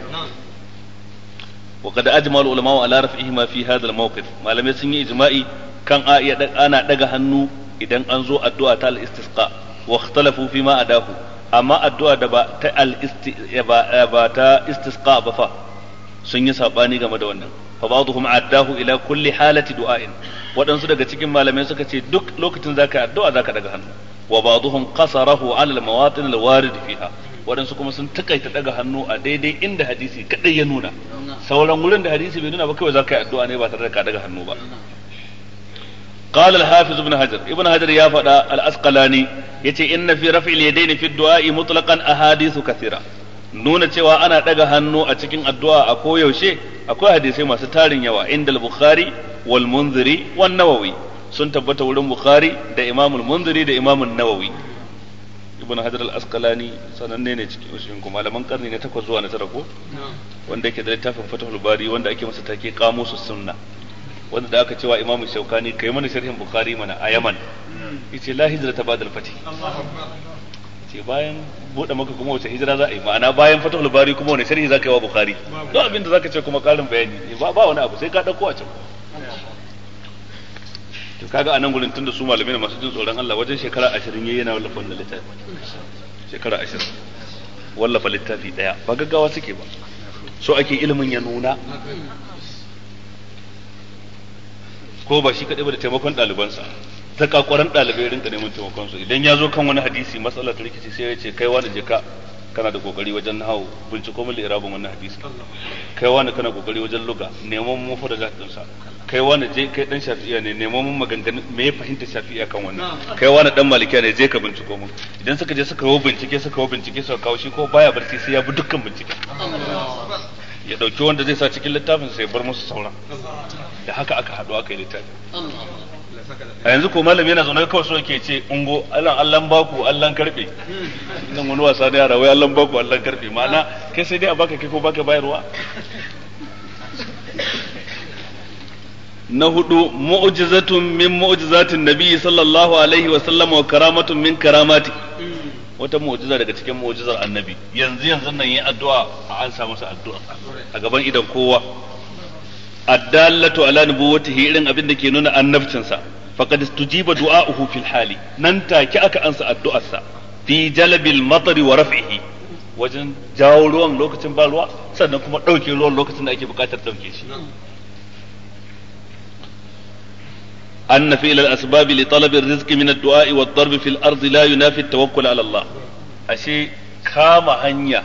Speaker 1: وقد اجمع ala على رفعهما في هذا mawqif malamai sun yi ijma'i kan a iya ana daga hannu idan an zo addu'a ta al-istisqa wa ikhtalafu fi ma adahu amma addu'a da ba ta al-isti ba istisqa ba fa sun yi sabani game da wannan fa ila kulli halati du'ain waɗansu daga cikin malamai suka ce duk lokacin zaka addu'a zaka daga hannu wa ba'dhum qasarahu 'ala fiha waɗansu kuma sun takaita daga hannu a daidai inda hadisi kadai ya nuna sauran wurin da hadisi bai nuna ba kawai zaka yi addu'a ne ba tare da ka daga hannu ba قال الحافظ ابن حجر ابن حجر يا فدا الأسقلاني يتي إن في رفع اليدين في الدعاء مطلقا أحاديث كثيرة nuna cewa ana daga hannu a cikin addu'a a koyaushe akwai hadisai masu tarin yawa inda al-bukhari wal munziri wan nawawi sun tabbata wurin bukhari da imamul munziri da imamul nawawi ibn hajar al-asqalani sananne ne cikin usulin kuma malaman karni na takwas zuwa na tara ko wanda yake da littafin fatahul bari wanda ake masa take kamusus sunna wanda da aka cewa imam shaukani kai mana sharhin bukhari mana a yaman yace la hijrata ba'da al-fatih ce bayan bude maka kuma wace hijira za a yi ma'ana bayan fatahul bari kuma wani sharhi za ka yi wa bukhari to abin da ka ce kuma karin bayani ba ba wani abu sai ka dauko a can to kaga anan gurin tunda su malamai ne masu jin tsoron Allah wajen shekara 20 yayi yana wallafa wannan littafi shekara 20 wallafa littafi daya ba gaggawa suke ba so ake ilimin ya nuna ko ba shi kadai ba da taimakon ɗalibansa zakakuran ɗalibai rinka neman taimakon su idan ya zo kan wani hadisi matsala ta rikici sai ya ce kai wani ka kana da kokari wajen nahawu binciko mil irabin wannan hadisi kai wani kana kokari wajen luga neman mu fa da zatin sa kai wani je kai dan shafi'a ne neman mun maganganu me ya fahimta shafi'a kan wannan kai wani dan malikiya ne je ka binciko mu idan suka je suka yi bincike suka yi bincike suka kawo shi ko baya barci sai ya bi dukkan bincike ya dauki wanda zai sa cikin littafin sai bar musu sauran da haka aka haɗu aka yi littafin a yanzu ko malami yana zaune kawai suna ke ce ungo allan allan baku allan karfe nan wani wasa da yara wai allan baku allan karfe ma'ana kai sai dai a baka kai ko baka bayarwa na hudu mu'jizatun min mu'jizatin nabi sallallahu alaihi wa sallam wa karamatun min karamati wata mu'jiza daga cikin mu'jizar annabi yanzu yanzu nan yi addu'a an sa masa addu'a a gaban idan kowa addallatu ala nubuwwatihi irin abin da ke nuna annabcinsa faqad istujiba du'a'uhu fil hali nan take aka ansa addu'arsa fi jalbil matari wa raf'ihi wajen jawo ruwan lokacin ba ruwa sannan kuma ɗauke ruwan lokacin da ake buƙatar ɗauke shi أن فعل الأسباب لطلب الرزق من الدعاء والضرب في الأرض لا ينافي التوكل على الله أشي كام هنيا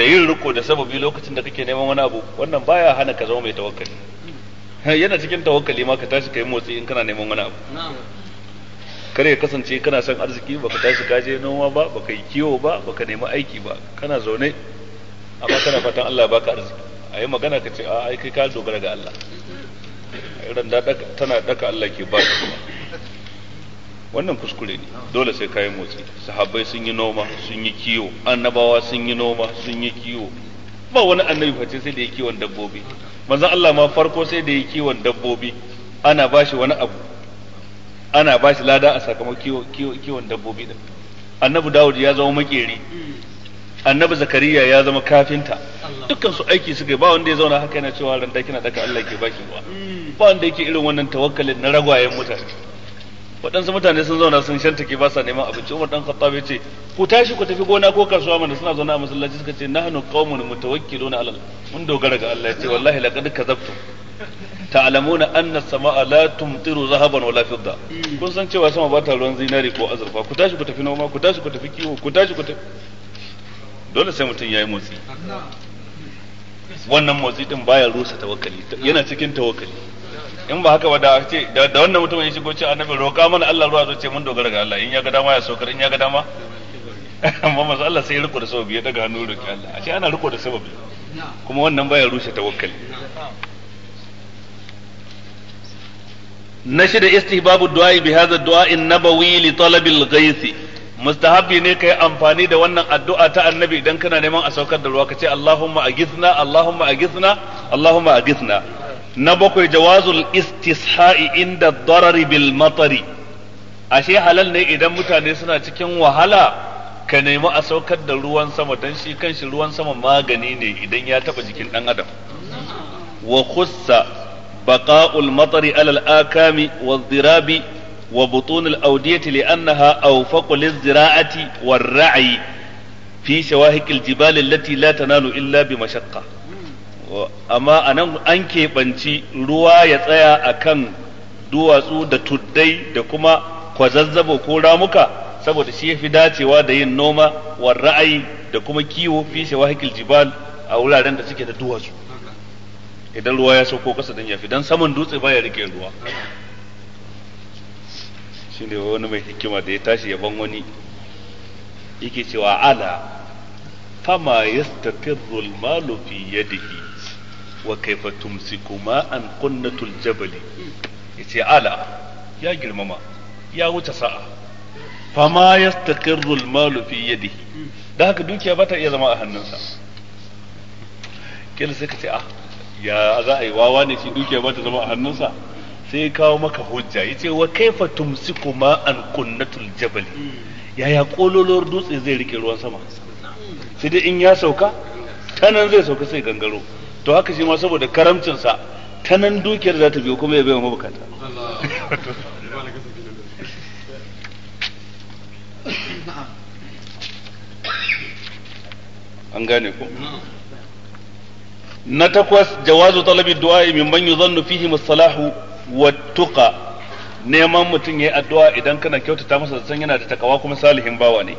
Speaker 1: da yin riko da sababi lokacin da kake neman wani abu wannan baya hana ka zama mai tawakkali yana cikin tawakkali ma ka tashi kai motsi in kana neman wani abu kar ya kasance kana son arziki baka tashi ka je noma ba baka yi kiwo ba baka nemi aiki ba kana zaune amma kana fatan Allah ya baka arziki a yi magana ka ce a ai kai ka dogara ga Allah irin da tana daka Allah ke ba kuma wannan kuskure ne dole sai kayan motsi sahabbai sun yi noma sun yi kiwo annabawa sun yi noma sun yi kiwo ba wani annabi face sai da ya kiwon dabbobi manzo Allah ma farko sai da ya kiwon dabbobi ana bashi wani abu ana bashi lada a sakamakon kiwon dabbobi din annabi Dawud ya zama makeri annabi Zakariya ya zama kafinta dukkan su aiki suka ba wanda ya zauna haka yana cewa ran da kina daka Allah ke baki ba ba wanda yake irin wannan tawakkalin na ragwayen mutane waɗansu mutane sun zauna sun ke ba sa neman abinci Umar dan Khattab ya ce ku tashi ku tafi gona ko kasuwa mana suna zauna a masallaci suka ce nahnu qaumun mutawakkiluna ala mun dogara ga Allah ya ce wallahi laqad kazabtum ta'lamuna anna as-samaa la tumtiru zahaban wala fidda kun san cewa sama ba ta ruwan zinari ko azurfa ku tashi ku tafi noma ku tashi ku tafi kiwo ku tashi ku tafi dole sai mutum yayi motsi wannan motsi din baya rusa tawakkali yana cikin tawakkali in ba haka ba da ce da wannan mutumin ya shigo ce annabi roƙa mana Allah ruwa zo ce mun dogara ga Allah in ya ga dama ya saukar in ya ga dama amma masu Allah sai riko da sababi ya daga hannu roƙi Allah ashe ana riko da sababi kuma wannan baya rushe tawakkali na shida istihbabu du'a bi hadha du'a an-nabawi li talab al-ghayth mustahabi ne kai amfani da wannan addu'a ta annabi idan kana neman a saukar da ruwa kace Allahumma aghithna Allahumma aghithna Allahumma aghithna na bakwai jawazul istisha'i inda darari bil matari ashe halal ne idan mutane suna cikin wahala ka nemi a saukar da ruwan sama don shi kanshi ruwan sama magani ne idan ya taba jikin dan adam wa khussa baqa'ul matari alal akami wa wa butun al awdiyati li'annaha awfaqu liz war-ra'i fi shawahiq al-jibal allati la tanalu illa bi mashaqqa amma a nan an keɓanci ruwa ya tsaya a kan duwatsu da tuddai da kuma kwazazzabo ko ramuka saboda shi ya fi dacewa da yin noma wa ra'ayi da kuma kiwo fi shawahikil jibal a wuraren da suke da duwatsu idan ruwa ya sauko kasa don fi don saman dutse ba ya rike ruwa shi ne wani mai hikima da ya tashi yaban wani yake cewa ala fama yasta malu fi yadihi wa kaifa tumsiku an qunnatul jabali yace ala ya girmama ya wuce sa'a fama yastaqirru al mal fi yadihi da haka dukiya ba ta iya zama a hannunsa kila sai ka ce ah ya za a yi wawa ne shi dukiya ba ta zama a hannunsa sai kawo maka hujja yace wa kaifa tumsiku an qunnatul jabali yaya kololor dutse zai rike ruwan sama sai dai in ya sauka tanan zai sauka sai gangaro to haka shi ma saboda karamcinsa ta nan dukiyar za ta biyo kuma ya baiwa mabukata an gane ko na takwas jawazu talabi du'a min man yuzannu fihi masalahu wa tuqa neman mutum yayi addu'a idan kana kyautata masa san yana da takawa kuma salihin bawa ne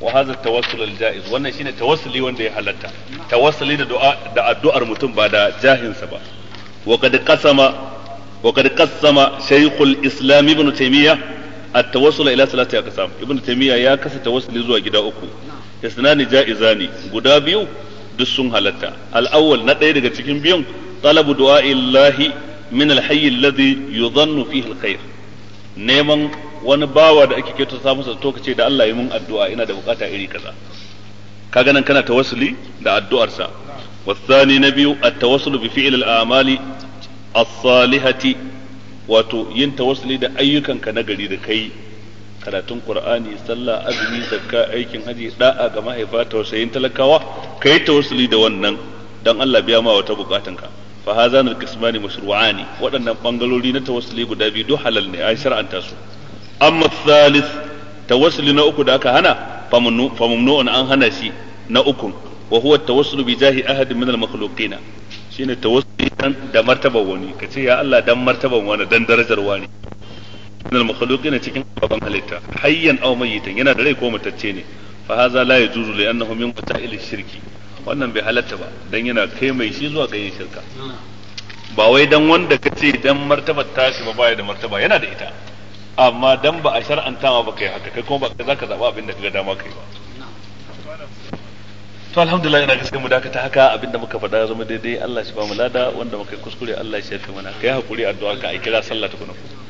Speaker 1: wa hadha tawassul jaiz wannan shine tawassuli wanda ya halatta tawassuli da du'a da addu'ar mutum ba da jahinsa ba wa qad qasama wa qad qasama shaykhul islam ibn taymiyyah at tawassul ila salati ya kasa tawassuli zuwa gida uku jaiza jaizani guda biyu duk sun halatta al awwal na ɗaya daga cikin biyun talabu du'a illahi min al hayy alladhi fihi khair neman wani bawa da ake samu sa to ce da Allah ya mun addu'a ina da bukata iri kaza kaga nan kana tawassuli da addu'arsa والثاني نبي a بفعل الأعمال Salihati, wato yin tawassuli da ayyukan ka na gari da kai karatun qur'ani sallah azumi zakka aikin haji da'a ga mahaifa tausayin talakawa kai tawassuli da wannan dan Allah biya ma wata bukatanka fa hazan al-qismani mashru'ani waɗannan bangalori na tawassuli guda biyu duk halal ne ai shar'anta su amma thalith tawassuli na uku da aka hana fa mamnu'un an hana shi na uku wa huwa tawassulu bi jahi ahadin min al-makhluqina shine tawassuli dan da martaban wani kace ya Allah dan martaban wani dan darajar wani min al-makhluqina cikin baban halitta hayyan aw mayyitan yana da rai ko mutacce ne fa haza la yajuzu li annahu min wasa'il shirki wannan bai halatta ba dan yana kai mai shi zuwa ga shirka ba wai dan wanda ka ce dan martaba shi ba baya da martaba yana da ita amma dan ba a shar'anta ma ba kai haka kai kuma ba ka zaka zaba abin da kaga dama kai ba to alhamdulillah ina gaskiya mu dakata haka abinda muka faɗa ya zama daidai Allah shi ba mu lada wanda muka kuskure Allah shi ya fi mana kai hakuri addu'a ka a kira sallah tukuna